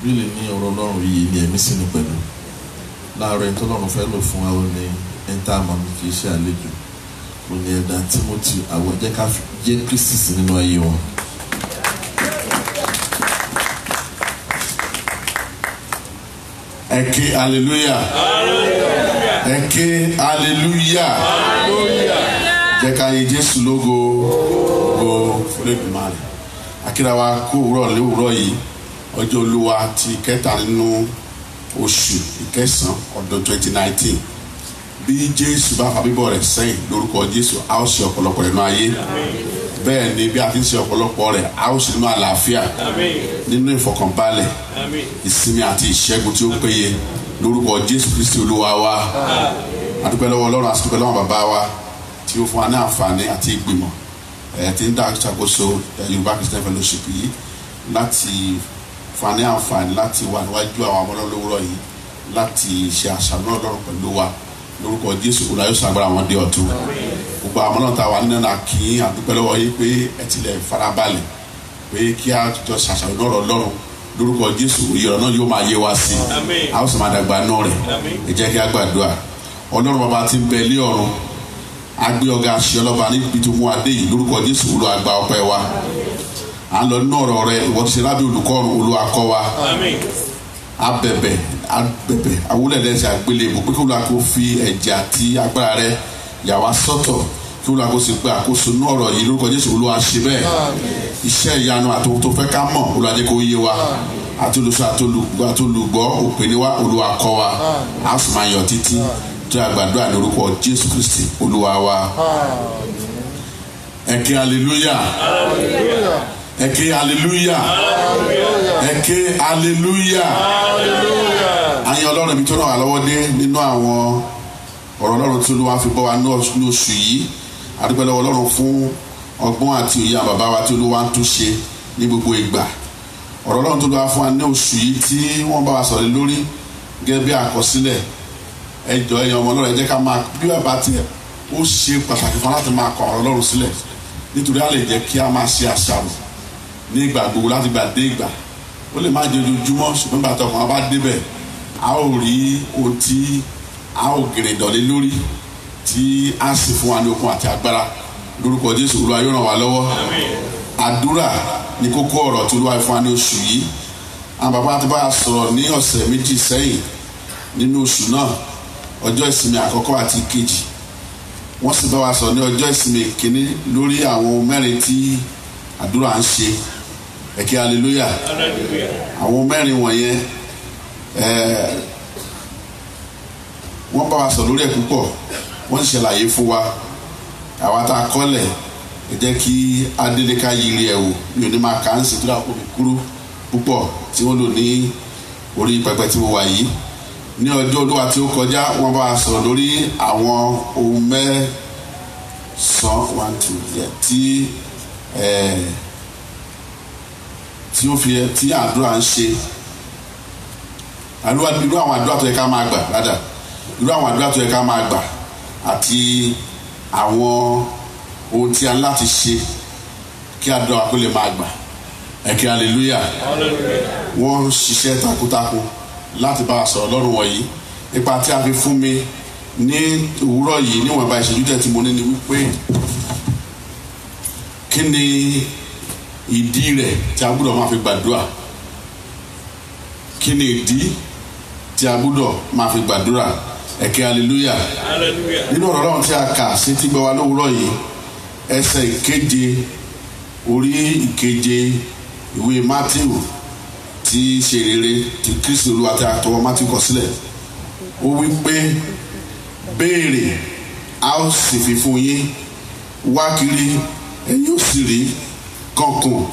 bíbélì ní ọ̀rọ̀ ọlọ́run yìí ni ẹ̀mí sì ní pẹ̀lú láàárọ̀ ẹni tó lọ́run fẹ́ lò fún wa ó ní ẹni tá a mọ̀ ní kì í ṣe Kristi sí nínú ayé wọn. Eke ké hallelujah ẹ ké hallelujah jẹ́ ká logo, jésù lógo gbogbo fúlẹ́dùmarè akírawa kó òwúrọ̀ léwúrọ̀ yìí ọjọ́ olúwa ti kẹta nínú oṣù ìkẹsàn ọdún twenty nineteen bí jésù bá fa bíbọ̀ rẹ̀ sẹ́yìn lórúkọ jésù a ó ṣe ọ̀pọ̀lọpọ̀ nínú ayé. Amen bẹ́ẹ̀ ni bí a ti ń ṣe ọ̀pọ̀lọpọ̀ rẹ̀ a ó sì nínú àlàáfíà nínú ìfọkànbalẹ̀ ìsinmi àti ìṣẹ́gun tí ó péye lórúkọ Jésù Kristi olúwa wa a dúpẹ́ lọ́wọ́ Ọlọ́run a sì dúpẹ́ lọ́wọ́ bàbá wa tí ó fún wa ní àǹfààní àti ìgbìmọ̀ tí ń dá àṣàkóso Yorùbá Christian Fellowship yìí láti fún wa ní àǹfààní láti wà níwájú àwọn ọmọ yìí láti ṣe àṣà náà lọ́rùn pẹ̀lú wa lórúkọ jésù olùdarí sàgbára wọn dé ọ̀tun gbogbo àwọn ọmọlọ́ta wa nínú náà kì í àdúpẹ́ lọ́wọ́ yín pé ẹ tilẹ̀ farabalẹ̀ pé kí a jọ ṣàṣàrò lọ́rọ̀ lọ́rùn lórúkọ jésù ìyọ̀rọ̀ náà yóò máa yé wa sí i a ó sì máa dàgbà náà rẹ̀ ẹ jẹ́ kí a gbàdúrà ọlọ́run bàbá ti bẹ ilé ọ̀run agbé ọ̀gá aṣọ ọlọ́ba níbi tó mú adé yìí lórúkọ jésù olú àgbà ọpẹ́ wa à ń lọ nínú ọ̀rọ̀ rẹ ìwọ abẹ̀bẹ̀ abẹ̀bẹ̀ awúlẹ̀ lẹ́sẹ̀ àgbélébù pé kí wọ́n kó fi ẹ̀jẹ̀ àti agbára rẹ̀ yà wá sọ́tọ̀ kí wọ́n kó sì pé àkóso inú ọ̀rọ̀ yìí lórúkọ Jésù Olúwa ṣe bẹ́ẹ̀ iṣẹ́ ìyanu àtòkò tó fẹ́ ká mọ̀ Olúwa jẹ́ kó yé wa atoluso atolugbọ òpinnu wa Olúwa kọ́ wa a sì máa yọ̀ títí tó àgbàdo àná orúkọ Jésù Kristi Olúwa wa ẹ̀kẹ́ hallelujah. hallelujah. Eke hallelujah eke hallelujah àyàn ọlọ́run mi tó ràn wá lọ́wọ́ dé nínú àwọn ọ̀rọ̀ ọlọ́run tí olúwa fi bọ́ wa ní oṣù yìí adúpẹ́lẹ́wọ́ ọlọ́run fún ọgbọ́n àti òye àbàbá wa tí olúwa ń tún ṣe ní gbogbo ìgbà ọ̀rọ̀ ọlọ́run tó lọ́wọ́ fún wa ní oṣù yìí tí wọ́n bá wa sọ̀rọ̀ lórí gẹ́gẹ́ bí àkọsílẹ̀ ẹjọ́ ẹ̀yàn ọmọ ọlọ́run ẹ jẹ́ ká máa bí bàbá tiẹ̀ ó ṣe pàtàkì fún láti máa kọ ọ̀rọ̀ ọlọ́run sílẹ̀ nítorí a lè jẹ́ kí a máa ṣe àṣàrò ní ìgbà gbogbo láti gbà dé ìgbà ó lè má jẹ ojoojúmọ́ ṣùgbọ́n ìgbà tọkàn wa bá débẹ̀ a ó rí ohun a ó gèrè dọ̀lé lórí tí a sì fún wa ní okun àti agbára lórúkọ Jésù Olúwa yóò ràn wá lọ́wọ́ àdúrà ní kókó ọ̀rọ̀ tí Olúwa fún wa ní oṣù yìí àwọn bàbá ti bá a sọ̀rọ̀ ní ọ̀sẹ̀ méjì sẹ́yìn nínú oṣù náà ọjọ́ ìsinmi àkọ́kọ́ àti kejì wọ́n sì bá wa sọ̀rọ̀ ní ọjọ́ ìsinmi kìíní lórí àwọn mẹ́rin tí àdúrà ń ṣe ẹ hallelujah àwọn mẹ́rin wọ̀nyẹn ẹ̀ẹ́ wọ́n bá wa sọ lórí ẹ̀ púpọ̀ wọ́n ń ṣàlàyé fún wa àwa tá a kọ́lẹ̀ ẹ jẹ́ kí adéleka yiri ẹ̀ wò mi ò ní máa kà á ń sì tó dàpọ̀ mi kúrú púpọ̀ tí wọ́n lò ní orí pẹpẹ tí mo wà yìí ní ọjọ́ olúwa tí ó kọjá wọ́n bá wa sọ̀rọ̀ lórí àwọn ohun mẹ́sàn-án one two three tí ẹ̀ẹ́ tí ó fi tí àdúrà ń ṣe irú àwọn àdúrà tó yẹ ká máa gbà rádà irú àwọn àdúrà tó yẹ ká máa gbà àti àwọn ohun tí a ń láti ṣe kí àdúrà kó lè máa gbà ẹ̀kẹ́ hallelujah wọ́n ń ṣiṣẹ́ takuntakun láti bá a sọ̀rọ̀ lọ́rùn wọ̀nyí ipa tí a fi fún mi ní òwúrọ̀ yìí níwọ̀nba ìṣẹ́jú díẹ̀ tí mo ní ni wípé kí ni ìdí rẹ̀ tí a gbọ́dọ̀ máa fi gbàdúrà kí ni ìdí tí a gbọ́dọ̀ máa fi gbàdúrà ẹ̀kẹ́ aleluya nínú ọ̀rọ̀ ọlọ́run tí a kà sí ti gbọ́ wa lówùúrọ̀ yìí ẹsẹ̀ ìkeje orí ìkeje ìwé matthew tí ṣe rere ti kristu olúwa tí a tọwọ́ matthew kọ sílẹ̀ ó wí pé béèrè a ó sì fi fún yín wá kiri ẹ̀yin ó sì rí kankun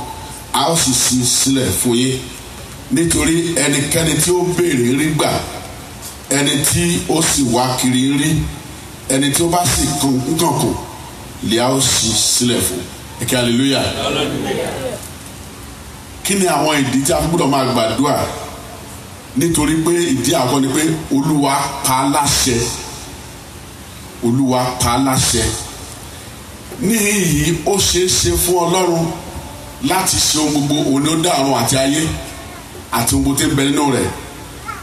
a ó sì ṣí sílẹ̀ fún yín nítorí ẹnikẹ́ni tí ó béèrè rí gbà ẹni tí ó sì wá kiri rí ẹni tí ó bá sì kankun lè a ó ṣí sílẹ̀ fún ẹ̀kẹ́ aleluya kí ni àwọn ìdí tí a fi gbọ́dọ̀ máa gbàdúrà nítorí pé ìdí àkọ́ ni pé olúwa pa á láṣẹ olúwa pa á láṣẹ níhìn yìí ó ṣeé ṣe fún ọlọ́run láti ṣe ohun gbogbo òun ló dá ọ̀run àti ayé àti ohun gbogbo tí ń bẹ nínú rẹ̀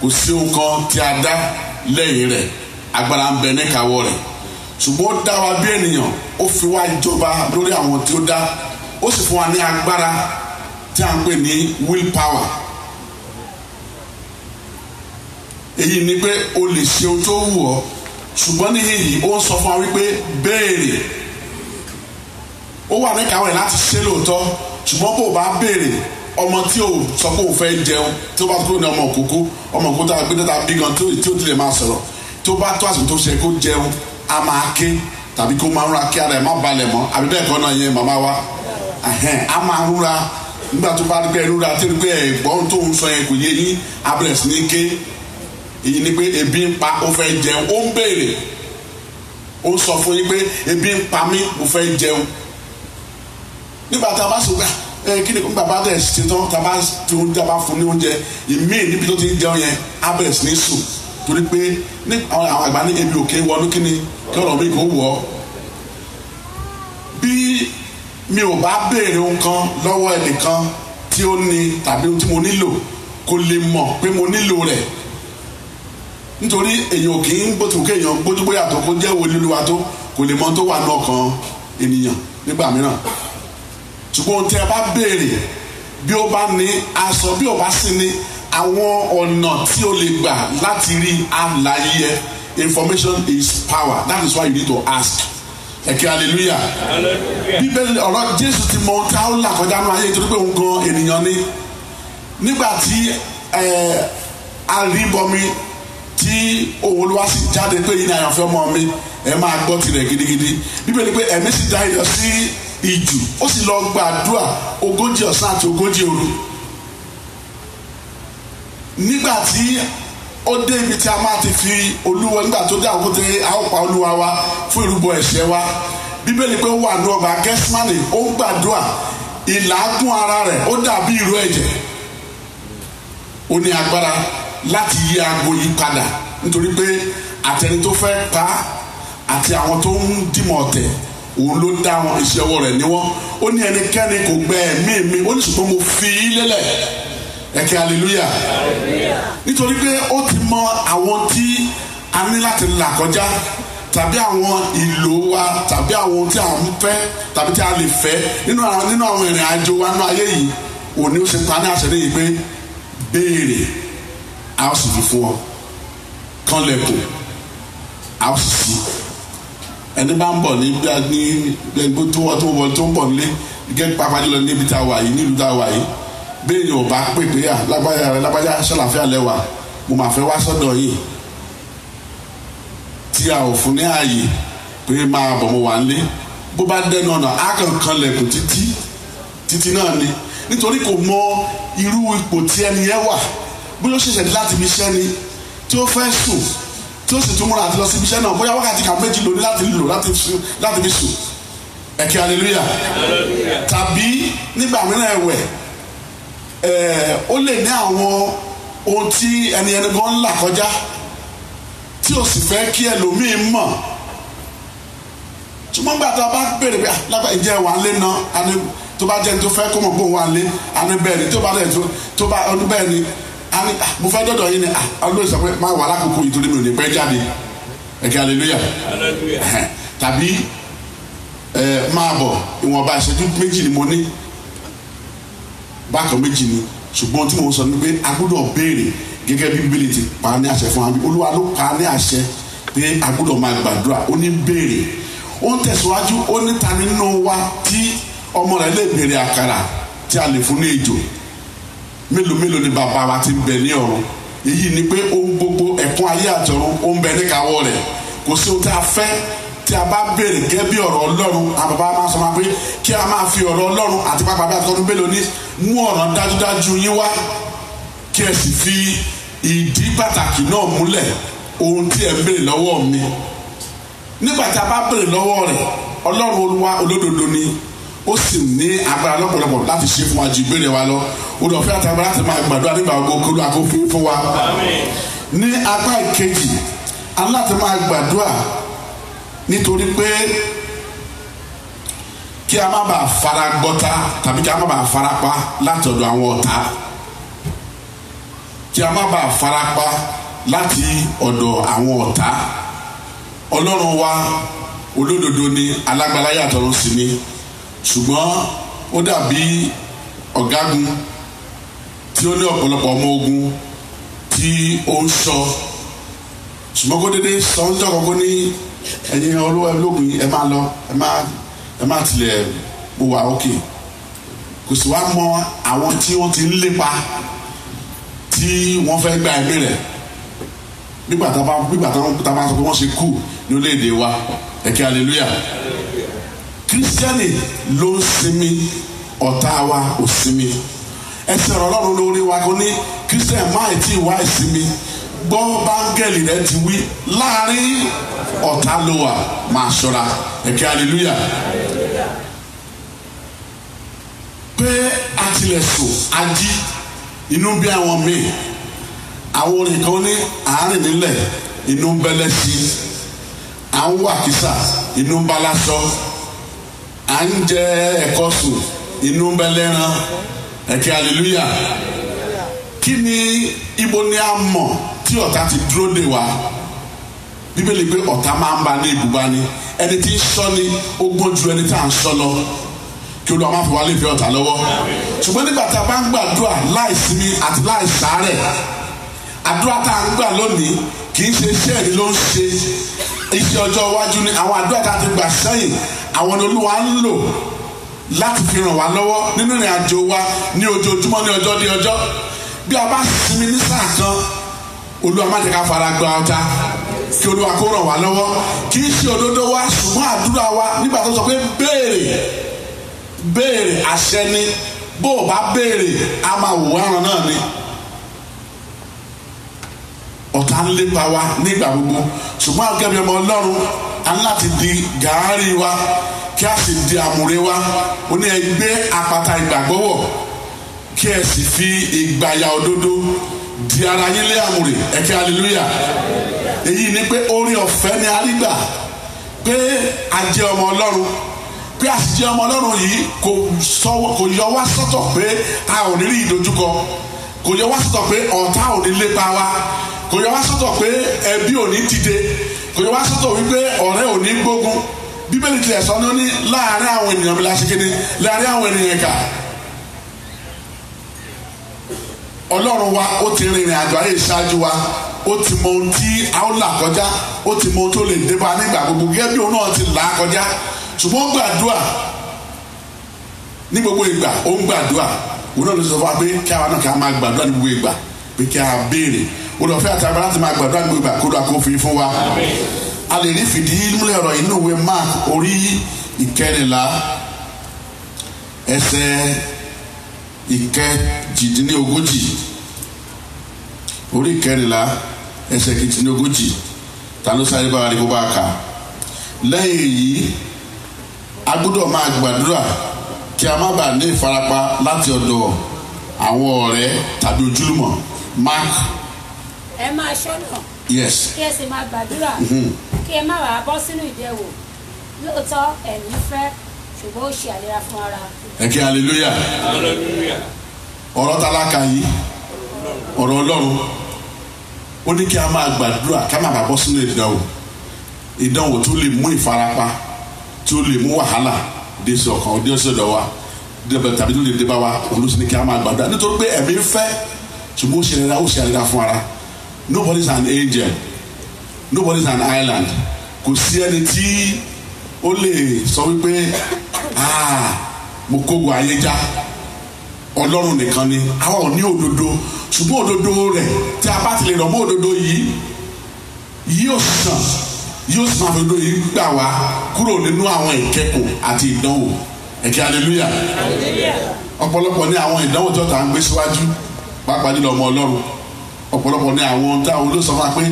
kò sí ohun kan tí a dá lẹ́yìn rẹ̀ agbára ń bẹ níkàáwọ́ rẹ̀ ṣùgbọ́n ó dá wa bí ènìyàn ó fi wá jọba lórí àwọn tí ó dá ó sì fún wa ní agbára tí a ń pè ní will power èyí ni pé o lè ṣe ohun tó wù ọ́ ṣùgbọ́n níhìnyí ó ń sọ fún wa wípé béèrè ó wà níkàáwọ́ rẹ̀ láti ṣe lóòótọ́ ṣùgbọ́n bó o bá béèrè ọmọ tí o sọ pé o fẹ́ jẹun tí o bá kúrò ní ọmọ òkókó ọmọ òkókó tó a gbé dáadáa bí gan tí o ti lè máa sọ̀rọ̀ tó bá tó àsìkò tó ṣe kó jẹun a máa ké tàbí kó máa ń ra kí ara ẹ̀ má balẹ̀ mọ́ àbí bẹ́ẹ̀ kọ́ náà yẹn màmá wa a máa ń ra nígbà tó bá rí pé rúra tí rí pé ẹ̀gbọ́n tó ń sọ yẹn kò yé yín abẹ́rẹ́ sí ní ké èyí ni pé ebi ń pa ó fẹ́ jẹun ó ń béèrè ó sọ fún yín pé ebi ń pa mí ó fẹ́ jẹun nígbà tá a bá sọ pé ẹ eh, kí ni nígbà bá dẹ̀ ṣe tán tá a bá fi oúnjẹ bá fún ní oúnjẹ ìmíì níbi tó ti ń jẹun yẹn abẹ́rẹ́ sí ní sùn torí pé ní àwọn àgbà ní ebi òkè wọnú kí ni kí ọ̀rọ̀ mi kò wọ̀ bí mi ò bá béèrè ohun kan lọ́wọ́ ẹnìkan tí ó ní tàbí ohun tí mo nílò kò lè mọ̀ pé mo nílò rẹ̀ nítorí èèyàn kì í gbótùkẹ́ èèyàn gbójúgbóyà tó kó jẹ́ wo kò lè mọ tó wà náà kan ènìyàn nígbà mìíràn ṣùgbọ́n ohun tí a bá béèrè bí ó bá ní aṣọ bí ó bá sí ní àwọn ọ̀nà tí o lè gbà láti rí àlàyé ẹ information is power that is why you need to ask ẹ̀kẹ́ hallelujah bíbélì ọ̀rọ̀ jésù ti mọ ohun tí a ó là kọjá nínú ayé nítorí pé òun gan ènìyàn ni nígbà tí arìbọmi tí òun olúwa sì jáde pé yìí ni àyànfẹ́ ọmọ mi ẹ máa gbọ́ tirẹ̀ gidigidi bíbélì pé ẹ̀mí sì dá ìlọ sí. ìjù ó sì lọ gbàdúrà ogójì ọ̀sán àti ogójì òru nígbà tí ó dé ibi tí a máa ti fi olúwa nígbà tó dé àkókò a ó olúwa wa fún ìrúbọ ẹ̀ṣẹ̀ wa bíbélì pé ó wà ní ọgbà gẹ́símánì ó ń gbàdúrà ìlàágùn ara rẹ̀ ó dàbí ìró ẹ̀jẹ̀ ó ní agbára láti yí aago yìí padà nítorí pé àtẹni tó fẹ́ pa àti òun ló dá wọn iṣẹ́ ọwọ́ rẹ̀ ni wọ́n ó ní ẹnikẹ́ni kò gbẹ ẹ̀mí mi ó ní ṣùgbọ́n mo fi í lélẹ̀ ẹ̀kẹ́ hallelujah nítorí pé ó ti mọ àwọn tí a ní láti là kọjá tàbí àwọn ìlò wa tàbí àwọn tí a ń fẹ́ tàbí tí a lè fẹ́ nínú àwọn nínú àwọn ìrìn àjò wa nínú ayé yìí òní ó ṣe pa ní àṣẹ lẹ́yìn pé béèrè a ó sì fi fún ọ kánlẹ̀kùn a ó sì sí ẹni bá ń bọ̀ ní gbẹ́gbó tó wọ́n tó wọ́n tó ń bọ̀ nílé gẹ́gẹ́ pàápàá jùlọ níbi tá a wà yìí nílùú tá a wà yìí bẹ́ẹ̀ ni ò bá pè pé à lágbájá rẹ lágbájá ṣàlàfíà lẹ́wà mo máa fẹ́ wá sọ́dọ̀ yìí tí a ò fún ní ààyè pé máa bọ̀ mo wà nílé bó bá dẹnu ọ̀nà á kàn kan lẹ̀kùn títí títí náà ni nítorí kò mọ irú ipò tí ẹni yẹn wà bóyá ó ṣẹ̀ṣẹ̀ láti fi ṣẹ́ni tí ó fẹ́ sùn tí ó sì tún múra àti lọ síbi iṣẹ́ náà bóyá wákàtí kan méjì lóní láti lò láti fi sùn ẹ̀kí hallelujah tàbí nígbà mìíràn ẹ̀wẹ̀ ó lè ní àwọn ohun tí ẹni ẹni gan là kọjá tí ó sì fẹ́ kí ẹlòmíì mọ̀ ṣùgbọ́n gbà tá a bá béèrè pé ah, lábà ìjẹ́ wà lé náà àní tó bá jẹ́ ní tó fẹ́ kó mọ̀ bó wà lé àní bẹ́ẹ̀ ni tó bá lẹ̀ tó bá ọdún bẹ́ẹ̀ ni àní ah, mo fẹ́ dọ́dọ̀ yín ni ah, ọlọ́run sọ pé máa wà lákòókò yìí torí mi ò ní pẹ́ jáde ẹ̀kẹ́ aleluya tàbí máa bọ̀ ìwọ̀nba ìṣẹ́jú méjì ni mo ní bákan méjì ni ṣùgbọ́n tí mo sọ ni pé a gbọ́dọ̀ béèrè gẹ́gẹ́ bí bíbélì ti pa á ní àṣẹ fún wa olúwa ló pa á ní àṣẹ pé a gbọ́dọ̀ máa gbàdúrà ó ní béèrè ó ń tẹ̀síwájú ó ní ta nínú wa tí ọmọ rẹ̀ lè béèrè àkàrà tí a lè fún ní ejò mélòó mélòó ni bàbá wa ti ń bẹ ní ọ̀run èyí ni pé ohun gbogbo ẹ̀kún ayé àtọ̀run ó ń bẹ níkàáwọ́ rẹ̀ kò sí ohun tí a fẹ́ tí a bá béèrè gẹ́gẹ́ bí ọ̀rọ̀ ọlọ́run àwọn máa sọ máa pé kí a máa fi ọ̀rọ̀ ọlọ́run àti pápá bí àtọ́nu bélòó ní mú ọ̀ràn dájúdájú yín wá kí ẹ sì fi ìdí pàtàkì náà múlẹ̀ ohun tí ẹ ń béèrè lọ́wọ́ mi nígbà tí a bá béèrè lọ́wọ́ rẹ̀ ọlọ́run olúwa olódodo ni ó sì ní agbára lọ́pọ̀lọpọ̀ láti ṣe fún wa ju ìbéèrè wa lọ ó lọ fẹ́ àtàgbà láti máa gbàdúrà nígbà gbogbo kó ló àkókò fún wa. ní apá ìkejì aláti máa gbàdúrà nítorí pé kí a má bàa fara gbọ́ta tàbí kí a má bàa fara pa láti ọ̀dọ̀ àwọn ọ̀tá kí a má bàa fara pa láti ọ̀dọ̀ àwọn ọ̀tá ọlọ́run wa olódodo ni alágbára yàtọ̀ ló sì ni ṣùgbọ́n ó dàbí ọ̀gágun tí ó ní ọ̀pọ̀lọpọ̀ ọmọ ogun tí ó ń sọ ṣùgbọ́n kó dédé sọ ń jọ́kọ̀ kó ní ẹ̀yin olówó ẹlógun ẹ máa lọ ẹ máa ẹ máa tilẹ̀ mo wà ókè kò sì wá mọ àwọn tí wọ́n ti ń lépa tí wọ́n fẹ́ gba ẹ̀mí rẹ̀ nígbà tá a bá sọ pé wọ́n ṣe kú ní orílẹ̀-èdè wa ẹ̀kẹ́ hallelujah kírísítẹ́nì ló ń sinmi ọ̀tá wa ò sinmi ẹsẹ̀ ọlọ́run lórí wa kò ní kírísítẹ́nì máa tí ì wá ìsinmi gbọ́ báńgẹ́lì rẹ ti wí láàrin ọ̀tá ló wà máa ṣọ́ra ẹ̀kẹ́ hallelujah pé atilẹ̀ sùn ají inú bí àwọn míì àwọn orin kan ní àárín nílẹ̀ inú bẹ́lẹ́ sí àwọn wàkísà inú bá lásán à ń jẹ ẹ̀kọ́ sùn inú ń bẹ lẹ́ran ẹ̀kẹ́ aleluya kí ni ibo ni a mọ̀ tí ọ̀tá ti dúró de wa bíbélì pé ọ̀tá máa ń ba ní ibùba ni ẹni tí ń sọ ni ó gbọ́n ju ẹni tí à ń sọ lọ kí olúwa máa fi wá lè fi ọ̀tá lọ́wọ́ ṣùgbọ́n nígbà tá a bá ń gbàdúrà láì àti láì àdúrà tá a ń gbà lónìí kì í ṣe iṣẹ́ ìdí ló ń ṣe iṣẹ́ ọjọ́ iwájú ni àwọn àdúrà tá a ti gbà sẹ́yìn àwọn ni olúwa ń lò láti fi ràn wá lọ́wọ́ nínú ìrìn àjò wa ní ojoojúmọ́ ní ọjọ́ dé ọjọ́ bí a bá sinmi ní sáà kan olúwa má jẹ́ ká fara gba ọ̀tá kí olúwa kó ràn wá lọ́wọ́ kì í ṣe òdodo wa ṣùgbọ́n àdúrà wa nígbà tó sọ pé béèrè béèrè àṣẹ ni bó o bá béèrè a máa wò wá ràn náà ni ọ̀tá ń lépa wa nígbà gbogbo ṣùgbọ́n àgẹ́bí ọmọ ọlọ́run a ní láti di gàárì wa kí a sì di àmùrè wa ó ní ẹgbẹ́ àpáta ìgbàgbọ́ wọ̀ kí ẹ sì fi ìgbàyà òdodo di ara yín lé àmùrè ẹ kí hallelujah èyí ni pé orí ọ̀fẹ́ ni a rí gbà pé a jẹ́ ọmọ ọlọ́run pé a sì jẹ́ ọmọ ọlọ́run yìí kò yọ wá sọ́tọ̀ pé a ò ní rí ìdojúkọ kò yẹ wá sọ̀tọ̀ pé ọ̀tá ò ní lépa wa kò yẹ wá sọ̀tọ̀ pé ẹbí ò ní dìde kò yẹ wá sọ̀tọ̀ wípé ọ̀rẹ́ ò ní gbógun bíbélì tilẹ̀ sọ ní láàárín àwọn ènìyàn mi láti kéde láàárín àwọn ènìyàn kà ọlọ́run wa ó ti rìnrìn àjò ayé ìṣáájú wa ó ti mọ ohun tí a ó là kọjá ó ti mọ ohun tó lè débá nígbà gbogbo gẹ́gẹ́ bí òun náà ti là á kọjá ṣùgbọ́n gbàdúrà ní gbogbo ìgbà ó ń gbàdúrà òun náà ló sọ fún wa pé kí àwa náà kí a máa gbàdúrà ní gbogbo ìgbà pé kí a béèrè olùfẹ́ àti abala ti máa gbàdúrà ní gbogbo ìgbà kó lóa kó fún wa a lè rí fìdí múlẹ̀ ọ̀rọ̀ inú ìwé mark orí ìkẹrìnlá ẹsẹ̀ ìkẹjìdínlógójì orí ìkẹrìnlá ẹsẹ̀ ìkẹjìdínlógójì ta ló sáré báwa ni kó bá a kà lẹ́yìn èyí a máa gbàdúrà kí a má bàa ní ìfarapa láti ọ̀dọ̀ àwọn ọ̀rẹ́ tàbí ojúlùmọ̀ mark. ẹ máa ṣọ́nà. yes. kí ẹ sì máa gbàdúrà. Mm-hmm. kí ẹ má wàá bọ́ sínú ìdẹwò lóòótọ́ ẹ̀mí fẹ́ ṣùgbọ́n ó ṣe àlera fún ara. ẹ kí hallelujah. hallelujah. ọ̀rọ̀ tá a lá ka yìí ọ̀rọ̀ ọlọ́run ó ní kí a máa gbàdúrà ká má bàa bọ́ sínú ìdánwò ìdánwò tó lè mú ìfarapa tó lè mú wàhálà dé sí ọkàn dé sí ọ̀dọ̀ wa débẹ tàbí tó lè dé bá wa olùsìn kí a máa gbàdúrà nítorí pé ẹ̀mí ń fẹ́ ṣùgbọ́n ó ó ṣe fún ara nobody is an angel nobody is an island kò sí ẹni tí ó lè sọ wípé ah, mo kógo ayé já ọlọ́run nìkan ni àwa ò ní òdodo ṣùgbọ́n òdodo rẹ̀ tí a bá ti lè rọ̀ òdodo yìí yóò sàn yóò sì máa fi gbé yìí gbà wá kúrò nínú àwọn ìkẹ́kọ̀ọ́ àti ìdánwò ẹ̀kẹ́ aleluya ọ̀pọ̀lọpọ̀ ní àwọn ìdánwò tí ọ̀tá ń gbé síwájú pàápàá nílò ọmọ ọlọ́run ọ̀pọ̀lọpọ̀ ní àwọn táwọn olóòsàn máa pé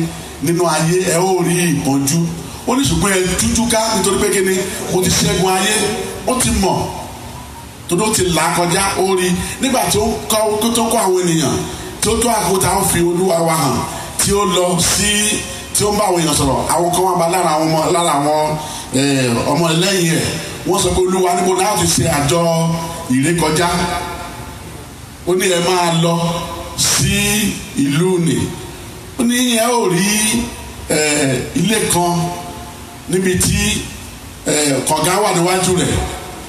nínú ayé ẹ ó rí ìpọ́njú ó ní ṣùgbọ́n ẹ tújú ká nítorí pé kíni mo ti ṣẹ́gun ayé ó ti mọ̀ tòdó ti là kọjá ó rí nígbà tó ń kọ́ àwọn ènìyàn tó tó àkótá ó fi olúwa wa hàn tí ó lọ sí. Si, tí ó ń bá àwọn èèyàn sọ̀rọ̀ àwọn kan wà bá lára àwọn ọmọ lára àwọn ọmọ ẹlẹ́yìn ẹ̀ wọ́n sọ pé olúwa níbo náà ti ṣe àjọ ìrékọjá ó ní ẹ máa lọ sí ìlú nì ó ní ẹ ó rí ilé kan níbi tí kọ̀ǹgá wà níwájú rẹ̀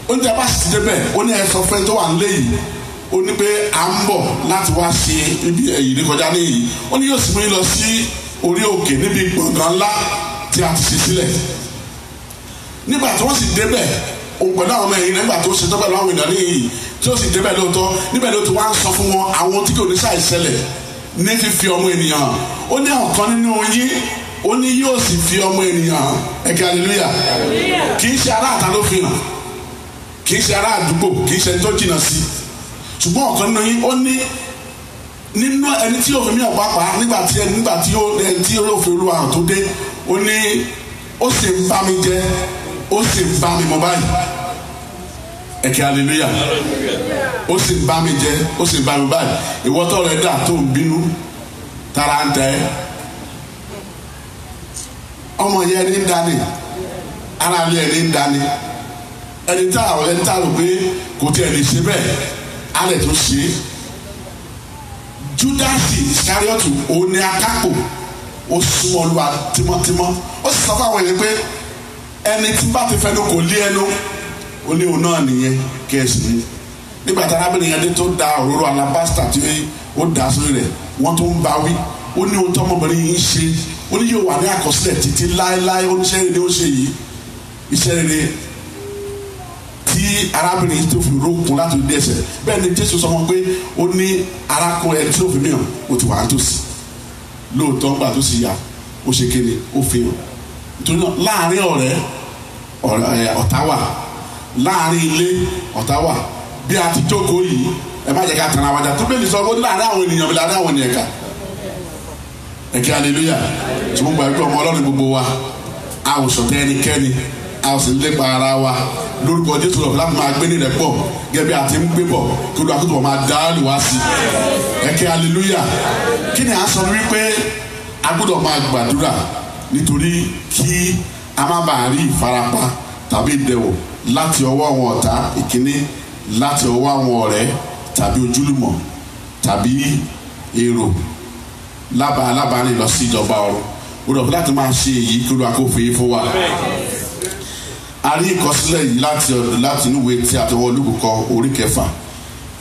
ó ní abá sì débẹ̀ ó ní ẹ sọ fẹ́ tó wà nílé yìí ó ní pé à ń bọ̀ láti wá ṣe ibi ìrékọjá níyì ó ní yóò sì mú yín lọ sí. Si, orí òkè níbi gbọ̀ngàn ńlá tí a ti ṣe sílẹ̀ nígbà tí wọ́n sì débẹ̀ òun pẹ̀lú àwọn ọmọ ẹ̀yìn nígbà tó ṣe tọ́pẹ̀ láwọn ènìyàn níyì tí ó sì débẹ̀ lóòótọ́ níbẹ̀ ló ti wá ń sọ fún wọn àwọn tí kò ní ṣàì ṣẹlẹ̀ ní fífi ọmọ ènìyàn ó ní ọ̀kan nínú yín ó ní yóò sì fi ọmọ ènìyàn ẹ̀kẹ́ aleluya kì í ṣe ará ló fi hàn kì í ṣe ará kì í ṣe tó jìnnà sí ṣùgbọ́n ọ̀kan nínú yín ó ní nínú ẹni tí yóò fi mí ọ̀pá pa nígbà tí ẹni nígbà tí yóò ẹni tí yóò fi olúwa tó dé ó ní ó sì ń bá mi jẹ ó sì ń bá mi mọ báyìí ẹkẹ aleluya ó sì ń bá mi jẹ ó sì ń bá mi báyìí ìwọ́tọ̀ rẹ̀ dà tó ń bínú tara ń tẹ́ ọmọ yẹn ní dání ara rẹ̀ ní dání ẹni tá àwọn ẹni tá rò pé kò tiẹ̀ lè ṣe bẹ́ẹ̀ alẹ́ tó ṣe é júdásì ìsáríọ̀tù òun ni akápò ó súnmọ́ olúwa tímọ́tímọ́ ó sì sọ fún àwọn èèyàn pé ẹni tí bá ti fẹnu kò lé ẹnu ó ní òun náà nìyẹn kí ẹ sì ní nígbà tí arábìnrin yẹn dé tó da òróró alabasta tí ó da sórí rẹ̀ wọ́n tó ń bá wí ó ní ohun tọmọbìnrin yìí ń ṣe ó ní yóò wà ní àkọsílẹ̀ títí láéláé ó ní iṣẹ́ rere ó ṣe yìí iṣẹ́ rere tí arábìnrin yìí tó fi rókun láti dé ẹsẹ̀ bẹ́ẹ̀ ni jésù sọ wọn pé ó ní arákùnrin tí ó fi mìíràn ó ti wà á tòsí lóòótọ́ ńgbà tó sì yà ó ṣe kéde ó fi hàn nítorí náà láàrin ọ̀rẹ́ ọ̀tá wà láàrin ilé ọ̀tá wà bí a ti jókòó yìí ẹ má jẹ́ ká tẹ̀ra wájà tó bẹ́ẹ̀ ni sọ pé láàrin àwọn ènìyàn mi láàrin àwọn ènìyàn kà ẹ̀kẹ́ hallelujah tí mo gbà wípé ọmọ ọlọ́run gbogbo wa a ò ẹnikẹ́ni a sì ń lépa ara wa lórúkọ jésù lọ́pọ̀ láti máa gbé ní rẹ̀ pọ̀ gẹ́gẹ́ bí a ti ń gbé bọ̀ kí olúwa kótó wọn máa dá lù wá sí i ẹ̀kẹ́ hallelujah kí ni à ń sọ wípé a gbọ́dọ̀ máa gbàdúrà nítorí kí a má bàa rí ìfarapa tàbí ìdẹ̀wò láti ọwọ́ àwọn ọ̀tá ìkíní láti ọwọ́ àwọn ọ̀rẹ́ tàbí ojúlùmọ̀ tàbí èrò lábàá lábàá lè lọ sí ìjọba ọ̀run ó dọ̀ fún láti máa ṣe èyí kí olúwa kó fi é fún wa. Amen a rí ìkọsílẹ̀ yìí láti láti inúwe tí a ti wọ olùkókọ orí kẹfà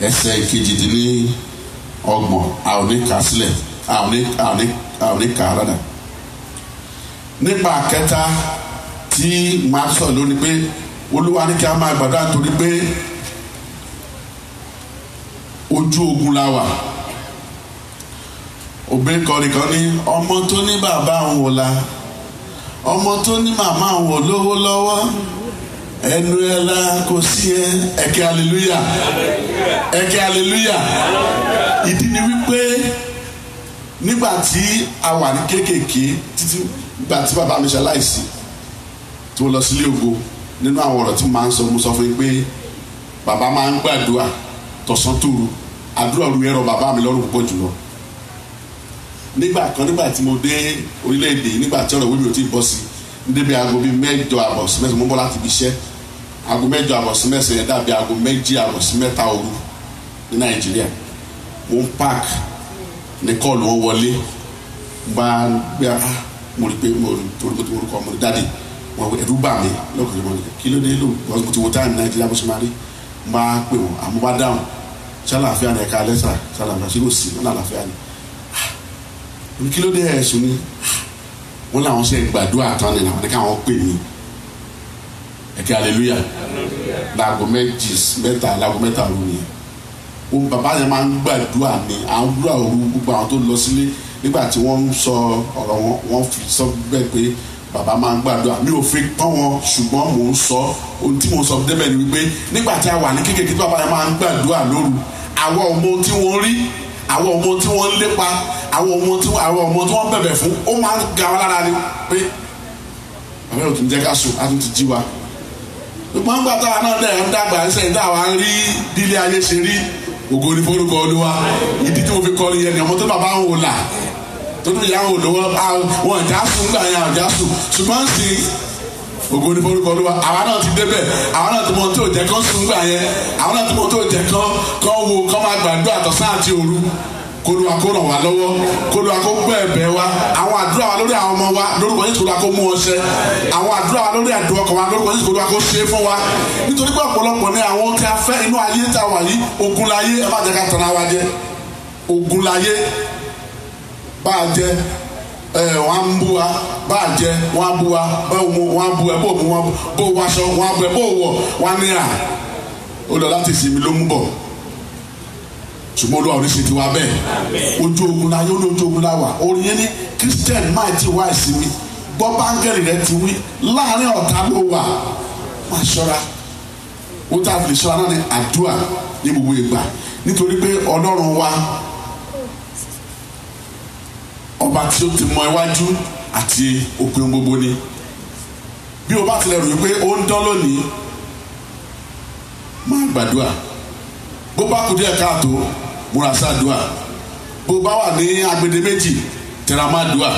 ẹsẹ̀ kejìdínlọ́gbọ̀n a ò ní kà á sílẹ̀ a ò ní a ò ní a ò ní kà á rárá. nípa kẹta tí màá sọ lónìí pé olúwa ní kí a máa gbàdúrà nítorí pé ojú ogun la wà obìnrin kan ní ọmọ tó ní bàbá òun wò la ọmọ tó ní màmá àwọn olówó lọ́wọ́ ẹnu ẹ la kò sí ẹ ẹkẹ aleluya ẹkẹ aleluya ìdí ni wípé nígbà tí a wà ní kéékèèké títí nígbà tí bàbá mi ṣaláìsí tó lọ sílé ògo nínú àwọn ọ̀rọ̀ tí mo máa ń sọ mo sọ fún yín pé bàbá máa ń gbàdúrà tọ̀sán tòru àdúrà òru ẹ̀rọ bàbá mi lọ́rùn púpọ̀ jùlọ nígbà kan nígbà tí mo dé orílẹ̀-èdè nígbà tí ọ̀rọ̀ wíwí ò tí ì bọ́ sí débi aago bíi mẹ́jọ àbọ̀ sí mẹ́sàn-án mo bọ́ láti ibi iṣẹ́ aago mẹ́jọ àbọ̀ sí mẹ́sàn-án yẹn dàbí aago méjì àbọ̀ sí mẹ́ta òru ní nàìjíríà mo ń park ní kọ́ọ̀lù wọn wọlé bá gbé ah mo rí pé mo rí torí mo rúkọ mo rí dáàdi wọn ẹ̀rú bà mí lọ́kùnrin mo rí kí ló dé lò mo ti wo táàmì nàìjíríà bó ṣe máa rí mo bá pè wọ́n àmọ́ bá dáhùn ṣálàáfíà ni ẹ̀ka alẹ́ sà ṣálàáfíà ṣé kò sí ọ̀nà àlàáfíà ni kí ló dé ẹ̀sùn ni wọ́n làwọn ṣe gbàdúrà tán ni làwọn ní káwọn pè mí ẹ̀kẹ́ aleluya laago méjì mẹ́ta laago mẹ́ta ló ni òun bàbá yẹn máa ń gbàdúrà ni àwọn gbúdúrà òru gbogbo àwọn tó lọ sílé nígbà tí wọ́n ń sọ ọ̀rọ̀ wọn wọ́n fi sọ bẹ́ẹ̀ pé bàbá máa ń gbàdúrà mi ò fi pọ́n wọn ṣùgbọ́n mò ń sọ ohun tí mò ń sọ débẹ̀ ni wípé nígbà tí a wà ní kékeré tí bàbá yẹn máa ń gbàdúrà lóru àwọn ọmọ tí wọ́n rí àwọn ọmọ tí wọ́n ń lépa àwọn ọmọ tí àwọn ọmọ tí wọ́n bẹ̀bẹ̀ fún ó máa ń ga wa lára ni pé àwọn èrò tó ká sùn á tún ti jí wa gbogbo àwọn gbàtà náà dẹ̀ ń dàgbà ẹsẹ̀ ìdá wa ń rí bílé ayé ṣe rí ògo ní forúkọ olúwa ìdí tí mo fi kọrin yẹn ni ọmọ tó bàbá ń wò là tó tún yà ń wò lọ́wọ́ àwọn ìjà sùn gbà yẹn àjà sùn ṣùgbọ́n sì ògo ní forúkọ olúwa àwa náà ti débẹ̀ àwa náà ti mọ tó jẹ́ kán sùn gbà yẹn àwa náà ti mọ tó jẹ́ kán kán wo kán máa gbàdúrà tọ̀sán àti òru kóluwa kó ràn wá lọ́wọ́ kóluwa kó wa àwọn àdúrà wa lórí àwọn ọmọ wa lórúkọ yìí kóluwa mú wọn àwọn àdúrà wa lórí àdúrà wa lórúkọ yìí ṣe fún wa nítorí pé ọ̀pọ̀lọpọ̀ ni àwọn tí a fẹ́ inú ayé tá a wà yìí ogun láyé ẹ ká wa jẹ ogun wa ṣùgbọ́n olúwa ò ní ṣe tiwa bẹ́ẹ̀ ojú ogun la yóò ní ojú ogun la wà orin yẹn ní christian máa ti wá ìsinmi gbọ́ báńkẹ́lì rẹ ti wí láàrin ọ̀tá ló wà máa ṣọ́ra ó tá fi ṣọ́ra náà ní àdúrà ní gbogbo ìgbà nítorí pé ọlọ́run wa ọba tí ó ti mọ iwájú àti òpin gbogbo ni bí o bá tilẹ̀ rò pé ó ń dán lónìí máa gbàdúrà bó bá káàtó múra sáàdúà bó bá wà ní agbede méjì tẹ̀ra máa dùà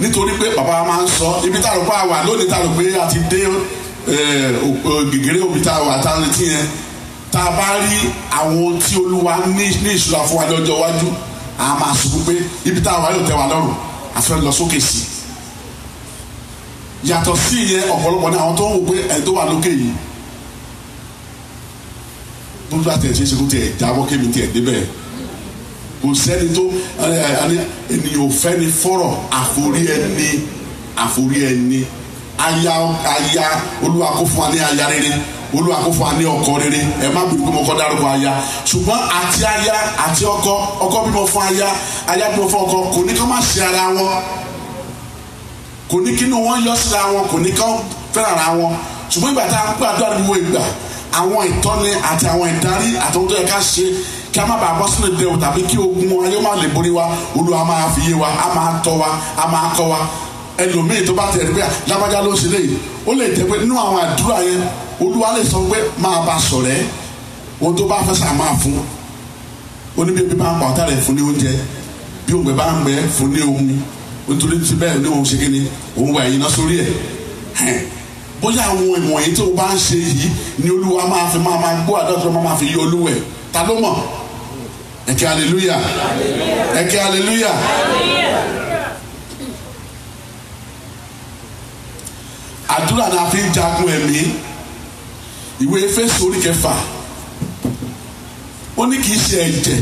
nítorí pé bàbá wa máa ń sọ ibi tá a rò pé a wà lónìí tá a rò pé a ti dé eh, gègéré òbí tá a wà tá a retí yẹn tá a bá rí àwọn ohun tí olúwa ní ìṣúra fún wa lọ́jọ́ iwájú a máa sọ pé ibi tá a wà yóò tẹ́ wa lọ́rùn a fẹ́ lọ sókè sí i yàtọ̀ sí ìyẹn ọ̀pọ̀lọpọ̀ ní àwọn tó ń wò pé ẹ̀ tó wà lókè yìí gbogbo àtẹ̀ṣe ṣe kó tiẹ̀ jáwọ́ kémi tiẹ̀ débẹ̀ kò sẹ́ni tó ènìyàn ò fẹ́ ni fọ́rọ̀ àforí ẹni àforí ẹni aya aya olúwa kó fún wa ní aya rere olúwa kó fún wa ní ọkọ rere ẹ má bìrì pé mo kọ́ dárúkọ aya ṣùgbọ́n àti aya àti ọkọ ọkọ bímọ fún aya aya bímọ fún ọkọ kò ní ká má ṣe ara wọn kò ní kí inú wọn yọ síra wọn kò ní ká fẹ́ràn ara wọn ṣùgbọ́n ìgbà tá a gbàdúrà ní gbogbo ìgbà àwọn ìtọ́ni àti àwọn ìdarí àtàwọn tó yẹ ká ṣe kí a má bàa bọ́ sínú ìdẹ̀rù tàbí kí ogun ayé má lè borí wa Olúwa máa fi yé wa a máa tọ́ wa a máa kọ́ wa ẹlòmíì tó bá tẹ̀ ẹ́ pé lágbájá ló ṣe léyìí ó lè jẹ́ pé nínú àwọn àdúrà yẹn Olúwa lè sọ pé máa bá ṣọ̀rẹ́ ohun tó bá fẹ́ sà máa fún oníbíyẹ̀bí máa ń pa ọ̀tá rẹ̀ fún ní oúnjẹ bí òǹgbẹ bá ń gbẹ fún ní omi nítorí ti bẹ́ẹ̀ ní òun ṣe kí ni òun wà yín náà sórí ẹ̀ bóyá àwọn ìmọ̀ yìí tó bá ń ṣe yìí ni Olúwa máa fi máa máa gbọ́ àdọ́tọ̀ máa fi yọ olúwẹ̀ ta ló mọ̀ nke aleluya eke aleluya àdúrà la fi ń jagun ẹ̀mí ìwé Éfésù orí kẹfà ó ní kì í ṣe ẹ̀jẹ̀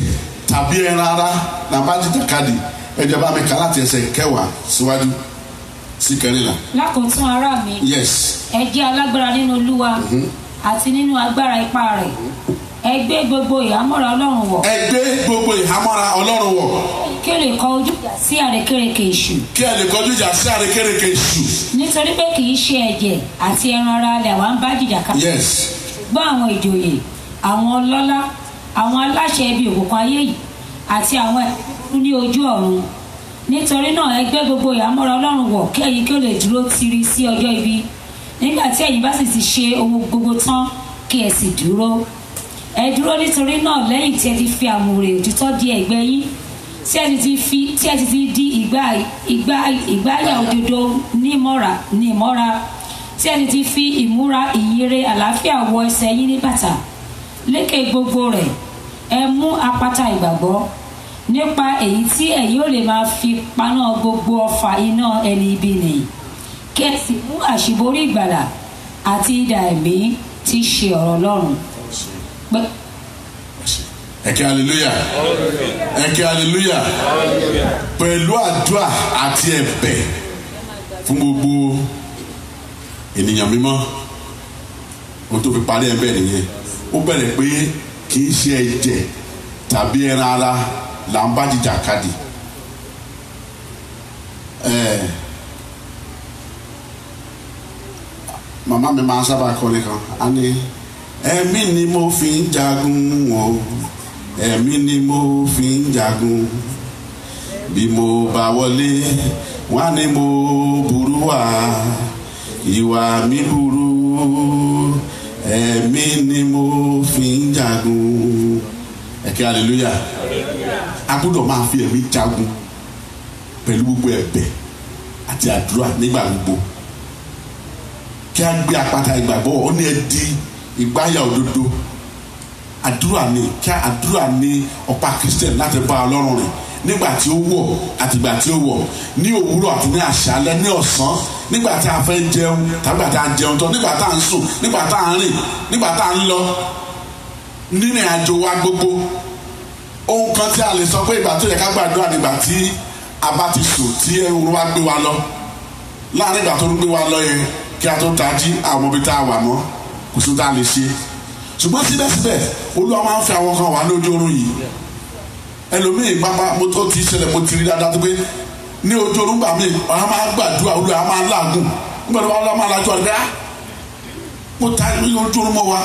tàbí ẹran ara làbá jíjà kadì ẹ̀jẹ̀ bá mi kà láti ẹsẹ̀ kẹwàá síwájú sí kẹrìnlá. lákòótán ará mi. yes. ẹ jẹ́ alágbára nínú Olúwa mhm. àti nínú agbára ipá rẹ̀ ẹ gbé gbogbo ìhámọ́ra ọlọ́run wọ̀. ẹ gbé gbogbo ìhámọ́ra ọlọ́run wọ̀. kí ẹ lè kọ ojú ìjà sí àrékérekè èṣù. kí ẹ lè kọ ojú ìjà sí àrékérekè èṣù. nítorí pé kì í ṣe ẹ̀jẹ̀ àti ẹran ara lẹ̀ wá ń bá jìjà ká. yes. gbọ́ àwọn ìjòyè àwọn ọlọ́lá àwọn aláṣẹ ibi òkùnkùn ayé yìí àti àwọn ẹ̀kú ní ojú ọ̀run nítorí náà ẹ gbé gbogbo ìhámọ́ra ọlọ́run wọ̀ kí ẹ̀yin kí ó lè dúró tiri sí ẹ dúró nítorí náà lẹ́yìn tí ẹ ti fi àmùrè òtítọ́ di ẹ̀gbẹ́ yín tí ẹ ti fi tí ẹ ti ti di ìgbà ìgbà ìgbáyà òdodo ní ìmọ̀ra ní ìmọ̀ra tí ẹ ti ti fi ìmúra ìyèrè àlàáfíà wọ ẹsẹ̀ yín ní bàtà lékè gbogbo rẹ̀ ẹ mú apata ìgbàgbọ́ nípa èyí tí ẹ̀yin ò lè máa fi paná gbogbo ọfà iná ẹni ibi nìyí kí ẹ sì mú àṣíborí ìgbàlà àti idà ẹ̀mí tí í ṣe ọ̀rọ̀ Ọlọ́run pẹ́. ẹ̀kẹ́ hallelujah ẹ̀kẹ́ hallelujah pẹ̀lú àdúrà àti ẹ̀bẹ̀ fún gbogbo ènìyàn mímọ́ o tó fi parí ẹ̀bẹ̀ nìyẹn ó bẹ̀rẹ̀ pé kì í ṣe ẹ̀jẹ̀ tàbí ẹran ara là ń bá jìjà kadì màmá mi máa ń sábà kọrin kan á ní ẹ̀mí ni mo fi ń jagun o ẹ̀mí ni mo fi ń jagun bí mo bá wọlé wá ní mo burú wá ìwà mi burú ẹ̀mí ni mo fi ń jagun ẹ̀kẹ́ hallelujah a gbọ́dọ̀ máa fi ẹ̀mí jagun pẹ̀lú gbogbo ẹ̀bẹ̀ àti àdúrà nígbà gbogbo kí a gbé àpáta ìgbàgbọ́ ọ ní ẹ di ìgbáyà òdodo àdúrà ni kí àdúrà ni ọ̀pá kristian láti bá ọlọ́run rìn nígbà tí ó wọ̀ àtìgbà tí ó wọ̀ ní òwúrọ̀ àti ní àṣálẹ́ ní ọ̀sán nígbà tí a fẹ́ jẹun tàbí àti à ń jẹun tán nígbà tá à ń sùn nígbà tá à ń rìn nígbà tá à ń lọ nínú àjò wa gbogbo ohun kan tí a lè sọ pé ìgbà tó yẹ ká gbàdúrà nígbà tí a bá ti sùn tí oorun wa gbé wa lọ láàrin ìgbà tó ń gbé wa lọ yẹn kí a tó tají àwọn ibi tá a wà mọ́ kò sí tá a lè ṣe ṣùgbọ́n síbẹ̀síbẹ̀ olúwa máa ń fi àwọn kan wà lójú oorun yìí ẹlòmíì pápá mo tó ti ṣẹlẹ̀ mo ti rí dáadáa tó pé ní ojú oorun gbà mí ọ̀hán máa gbàdúrà olúwa máa láàgùn nígbà tó bá wọlé máa lajú àdúrà mo ta ní ojú oorun mọ́ wa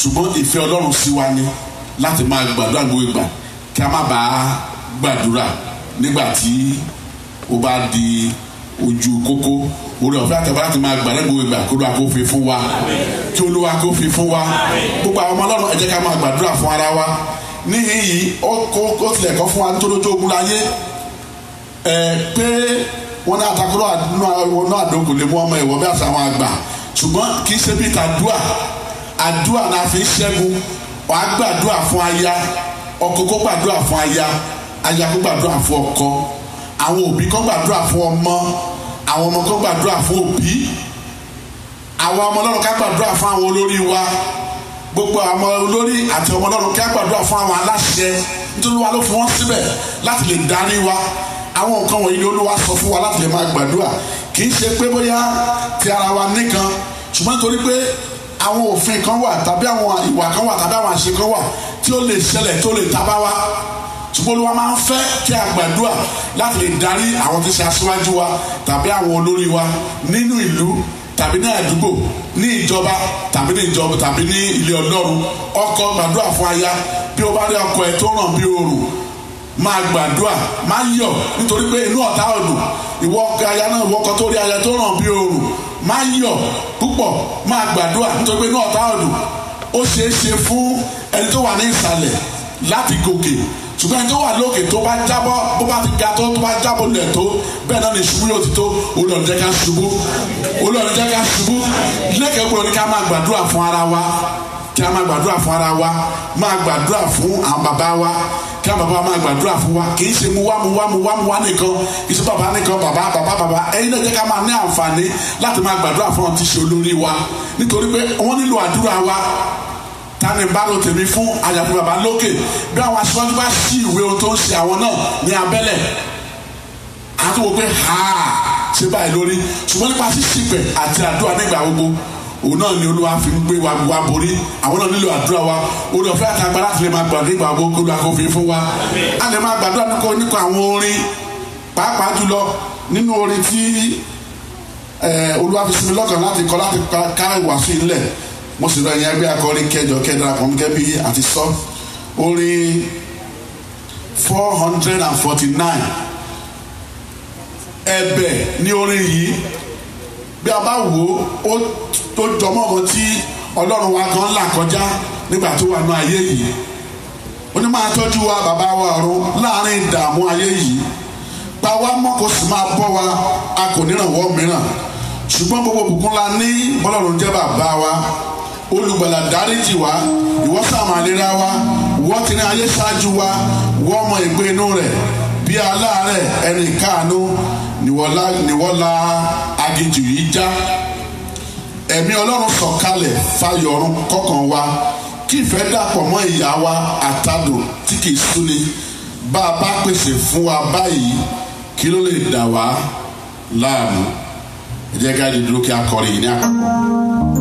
ṣùgbọ́n ìfẹ́ ọlọ́run sí wa ni láti máa gbàdúrà gbogbo ìgbà kí a má bàa gbàdúrà nígbà tí ó bá di ojú kókó orí ọ̀fẹ́ àtàwọn láti máa gbà lẹ́gbẹ̀ẹ́ ìgbà kó lóa kó fi fún wa kí olúwa kó fi fún wa gbogbo àwọn ọmọ ọlọ́run ẹ jẹ́ ká máa gbàdúrà fún ara wa níhìn yìí ó tilẹ̀ kọ́ fún wa nítorí tó ogun láyé ẹ pé wọn náà takoro àwọn àdókò lè mú ọmọ ìwọ bí àṣà àwọn àgbà ṣùgbọ́n kì í ṣe bí tàdúà àdúà náà fi ń ṣẹ́gun wàá gbàdúà fún aya ọkọ kó gbàdúà fún aya aya kó gbàdúà fún ọkọ àwọn òbí kan gbàdúrà fún ọmọ àwọn ọmọ kan gbàdúrà fún òbí àwa ọmọ ọlọ́run ká gbàdúrà fún àwọn olórí wa gbogbo àwọn olórí àti ọmọ ọlọ́run ká gbàdúrà fún àwọn aláṣẹ nítorí wa ló fún wọn síbẹ̀ láti lè darí wa àwọn nǹkan wọ̀nyí ni olúwa sọ fún wa láti lè máa gbàdúrà kì í ṣe pé bóyá ti ara wa nìkan ṣùgbọ́n nítorí pé àwọn òfin kan wà tàbí àwọn ìwà kan wà tàbí àwọn àṣe kan wà tí ó lè ṣẹlẹ̀ tó lè tabá wa ṣùgbọ́n olúwa máa ń fẹ́ kí a gbàdúrà láti lè darí àwọn tí ń ṣe aṣáájú wa tàbí àwọn olórí wa nínú ìlú tàbí ní àdúgbò ní ìjọba tàbí ní ìjọba tàbí ní ilé ọlọ́run ọkọ gbàdúrà fún aya bí o bá rí ọkọ ẹ tó ràn bí oòrùn máa gbàdúrà máa yọ̀ nítorí pé inú ọ̀tá ọ̀dùn ìwọ ọkọ aya náà ìwọ ọkọ tó rí aya tó ràn bí oòrùn máa yọ̀ púpọ̀ máa gbàdúrà nítorí pé inú ọ̀tá ọ̀dùn ó ṣeé ṣe fún ẹni tó wà ní ìsàlẹ̀ láti gòkè ṣùgbọ́n ẹni tó wà lókè tó bá jábọ́ bó bá ti ga tó tó bá jábọ́ lẹ̀ tó bẹ́ẹ̀ náà ni ṣubú yóò ti tó Ọlọ́run jẹ́ ká ṣubú Ọlọ́run jẹ́ ká ṣubú lẹ́kẹ̀ẹ́ gbọ́dọ̀ ní ká máa gbàdúrà fún ara wa kí a máa gbàdúrà fún ara wa máa gbàdúrà fún àwọn bàbá wa kí àwọn bàbá máa gbàdúrà fún wa kì í ṣe mu wá mu wá mu wá mu wá nìkan kì í ṣe bàbá nìkan bàbá bàbá bàbá ẹ̀yin náà jẹ́ ká máa ní àǹfààní láti máa gbàdúrà fún àwọn tí ṣe olórí wa nítorí pé wọ́n nílò àdúrà wa tani bá lo tèmi fún àyàfi bàbá lókè bí àwọn aṣíwájú bá ṣí ìwé ohun tó ń ṣe àwọn náà ní abẹ́lẹ̀ àti wò pé ha ṣe báyìí lórí ṣùgbọ́n nípa ṣíṣìpẹ̀ àti àdúrà nígbà gbogbo òun náà ni olúwa fi ń gbé wa wa borí àwọn náà nílò àdúrà wa olùfẹ́ àtàgbà láti lè máa gbàdúrà nígbà gbogbo olúwa kò fi fún wa a lè máa gbàdúrà nípa nípa àwọn orin pàápàá jùlọ nínú orin tí eh, olúwa fi sinmi lọ́kàn láti kọ láti ká ìwàásù ilẹ̀ mo sì lọ yẹn gbé akọrin kẹjọ kẹdàrà kan gẹ́gẹ́ bí àti sọ orin four hundred and forty nine ní orin yìí bí a bá wò ó tó jọmọ́ ọmọ tí ọlọ́run wa kan là kọjá nígbà tó wà ní ayé yìí ó máa tọ́jú wa bàbá wa ọ̀run láàrin ìdààmú ayé yìí pa wá gbogbo la ní olùgbàlà dáríjì wá ìwọ sàmàlera wa wọ́n ti ní ayé ṣáájú wa wọ́n mọ ìgbé inú rẹ̀ bí aláàárẹ̀ ẹni káàánú níwọ́lá aginjù yìí já ẹ̀mí ọlọ́run sọ̀kalẹ̀ fayọ̀run kọ̀ọ̀kan wa kí ìfẹ́ dàpọ̀ mọ́ ìyá wa àtàdùn tí kìí súni bá a bá pèsè fún wa báyìí kí ló lè dà wá láàmú ẹ jẹ́ dúró kí a kọrin ní àkọ́kọ́.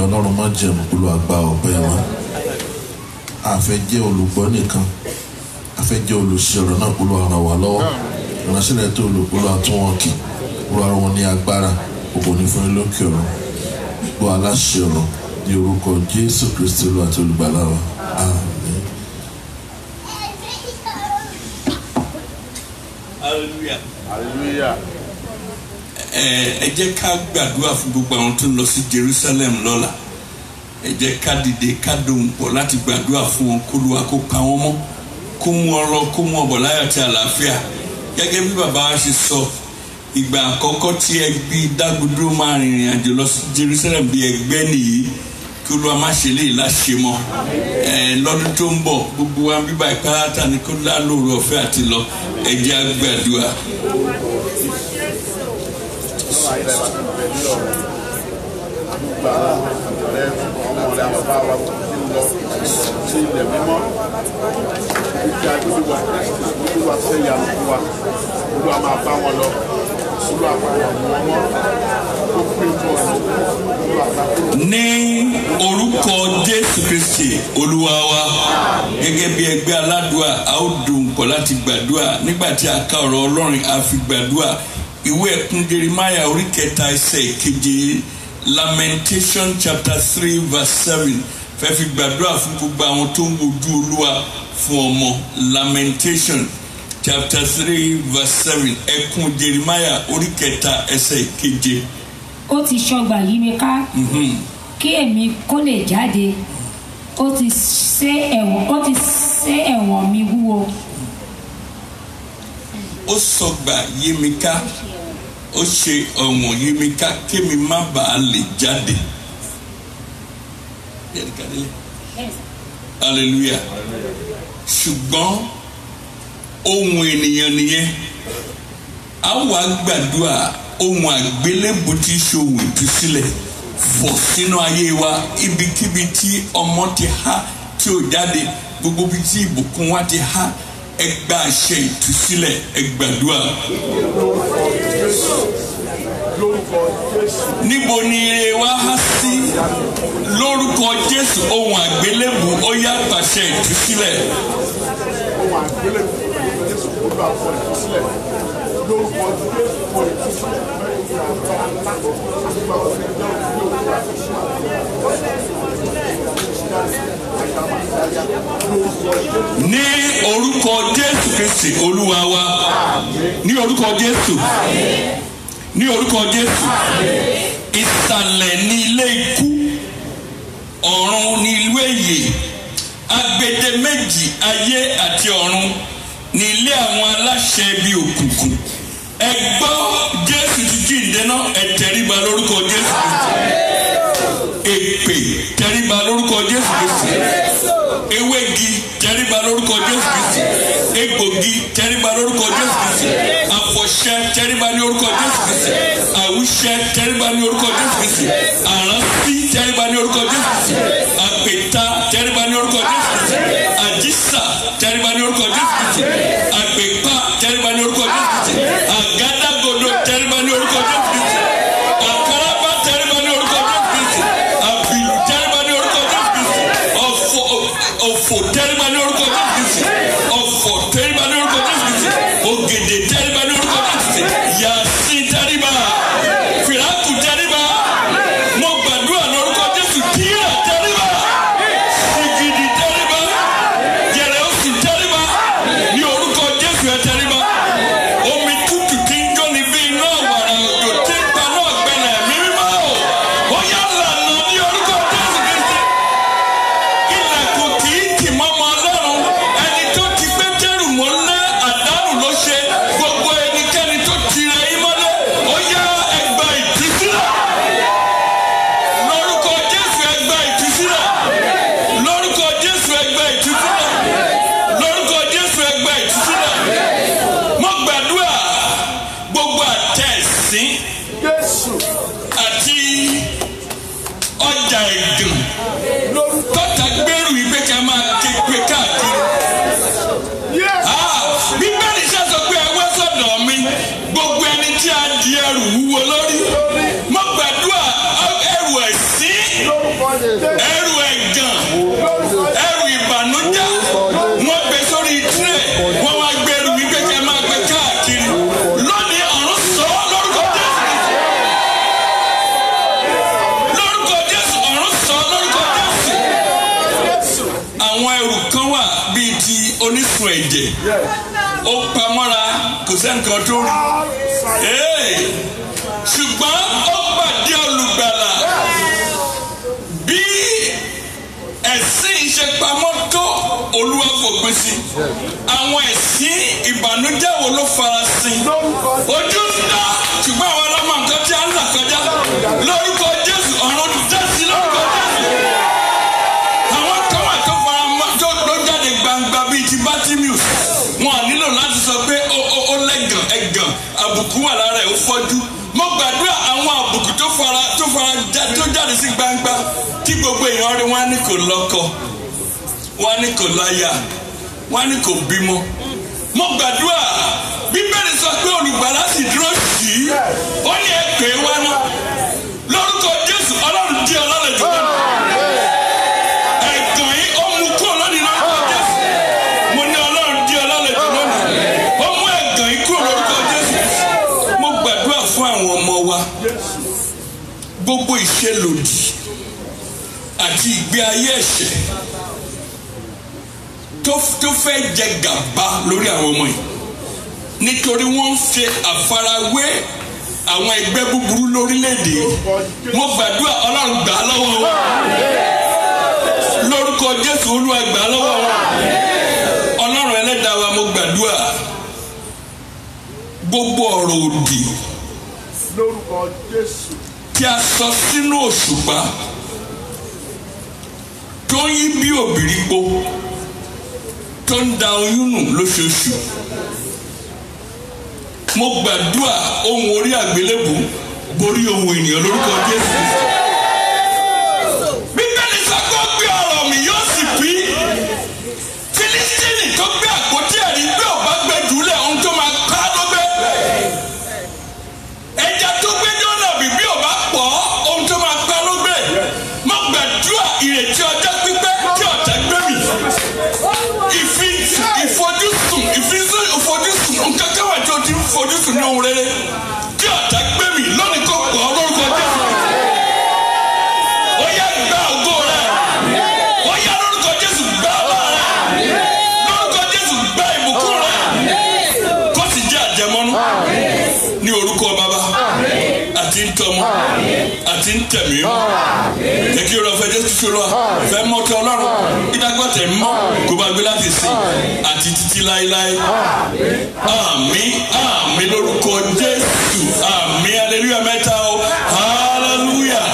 ìyẹn ọlọ́run má jẹun olúwa gba wọn àfẹ́ jẹ́ olùgbọ́ nìkan àfẹ́ jẹ́ olùsí náà olúwa ràn lọ́wọ́ ìránṣẹ́lẹ̀ tó olùkúlọ̀ àtún wọn ní agbára ògo ní fún lókè ọ̀run gbọ́ aláṣẹ ọ̀run ní orúkọ jésù kristi olúwa àti olùgbàlà wa hallelujah. hallelujah ẹ jẹ́ ká gbàdúrà fún gbogbo àwọn tó ń lọ sí Jerusalem lọ́la ẹ jẹ́ ká dìde ká dohùn pọ̀ láti gbàdúrà fún wọn kó lu akópa wọn mọ́ kó mú ọ lọ kó mú ọ bọ̀ láyọ̀ àti àlàáfíà gẹ́gẹ́ bí bàbá wa ṣe sọ ìgbà àkọ́kọ́ tí ẹbí dágudúró máa rìnrìn àjò lọ sí Jerusalem bí ẹgbẹ́ nìyí kí olúwa má ṣe léyìí láṣẹ mọ́ ẹ lọ́dún tó ń bọ̀ gbogbo wa bíbá ìpárátà ni kó lálóore ọ̀fẹ́ àti lọ ẹ jẹ́ á gba ọ̀rẹ́ ọmọ rẹ̀ àwọn bá wa tó ń lọ sí ilẹ̀ mímọ́ ìdí agbègbè wa ìdí wa ní orúkọ Jésù Kristi Olúwa wa gẹ́gẹ́ bí ẹgbẹ́ aládùá a ó dùn pọ̀ láti gbàdúà nígbà tí a ka ọ̀rọ̀ Ọlọ́run a fi gbàdúà ìwé ẹ̀kún Jeremiah orí kẹta ẹsẹ̀ keje Lamentation chapter three verse seven fẹ́ fi gbàdúrà fún gbogbo àwọn tó ń wojú Olúwa fún ọmọ Lamentation chapter three verse seven ẹ̀kún Jeremiah orí kẹta ẹsẹ̀ keje. ó ti ṣọgbà yí mi ká mhm. kí èmi kó lè jáde ó ti ṣe ẹ̀wọ̀n mi wúwo ó sọgbà yí mi ká ó ṣe ọ̀wọ̀n yí mi ká kémi má bàa lè jáde. hallelujah ṣùgbọ́n ohun ènìyàn nìyẹn a wà gbàdúrà ohun àgbélébù tí ṣòwò ìtúsílẹ̀ fọ̀ sínú ayé wa ibikíbi tí ọmọ ti há tí ò jáde gbogbo bí tí ìbùkún wa ti há ẹ gba àṣẹ ìtúsílẹ̀ ẹ níbo ni ire wa há sí lórúkọ Jésù ohun àgbélébù ó yá pàṣẹ ìtúsílẹ̀. ohun àgbélébù ní orúkọ Jésù Kristi olúwa wa ní orúkọ Jésù ní orúkọ Jésù ìsàlẹ̀ ní ilé ikú ọ̀run ní ilé ìyè agbedeméjì ayé àti ọ̀run ní ilé àwọn aláṣẹ ibi òkùnkùn ẹ gbọ́ Jésù ti jíǹde náà ẹ tẹríba lórúkọ Jésù Kristi. igi tẹríba lórúkọ jésù kristi àfọ̀ṣẹ tẹríba ní orúkọ jésù kristi àwùṣẹ tẹríba ní orúkọ jésù kristi àránsí tẹríba ní orúkọ jésù kristi àpèta àbùkù wà lára ẹ̀ ó fọ́jú mo gbàdúrà àwọn àbùkù tó fara tó fara já tó jáde sí gbangba kí gbogbo èèyàn rí wọn ní kò lọ́kọ wọn ní kò láya wọn ní kò bímọ mo gbàdúrà bíbélì sọ pé olùgbàlà sì dúró sí i ó ní ẹ pè é wá náà. gbogbo ìṣelòdì àti ìgbé ayé ẹ̀ṣẹ̀ tó fẹ́ jẹ gàba lórí àwọn ọmọ yìí nítorí wọ́n fi àfarawé àwọn ẹgbẹ́ búburú lórílẹ̀‐èdè mo gbàdúrà ọlọ́run gbà lọ́wọ́ wọn lórúkọ jésù olúwa gbà lọ́wọ́ wọn ọlọ́run ẹlẹ́dàá wa mo gbàdúrà gbogbo ọ̀rọ̀ òdì lórúkọ jésù tí a sọ sínú òṣùpá tó ń yí bí òbírípo tó ń da oyún nù lóṣooṣù mo gbàdúrà ohun orí àgbélébùú borí ohun ènìyàn lórúkọ Jésù. fojú sùn ní ohun rere kí ọ̀tá gbé mi lónìí kò pọ̀ lórúkọ Jésù. Wọ́n yá gbá ògo rẹ̀. Wọ́n yá lórúkọ Jésù gbá ọlá rẹ̀. Lórúkọ Jésù gbá ìbùkún rẹ̀. Kó sì jẹ́ àjẹmọ́nú ní orúkọ bàbá ti ń tẹ̀mí èkì rẹ̀ fẹ́ jésù ṣolúwa fẹ́ mọ́ kí ọlọ́run ìdágbà tẹ̀ mọ́ kó bá gbé láti sìn àti títí láéláé àmín àmín lórúkọ jésù àmín aleluya mẹ́ta o hallelujah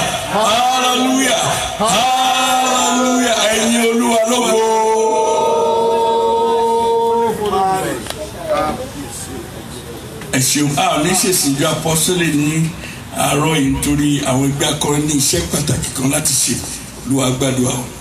hallelujah hallelujah ẹ̀yin olúwa lógo. ẹ ṣeun àmín ṣèṣin ju apọ́sílẹ̀ àárọ̀ yìí nítorí àwọn ẹgbẹ́ akọrin ní iṣẹ́ pàtàkì kan láti ṣe lu agbádùn àwọn.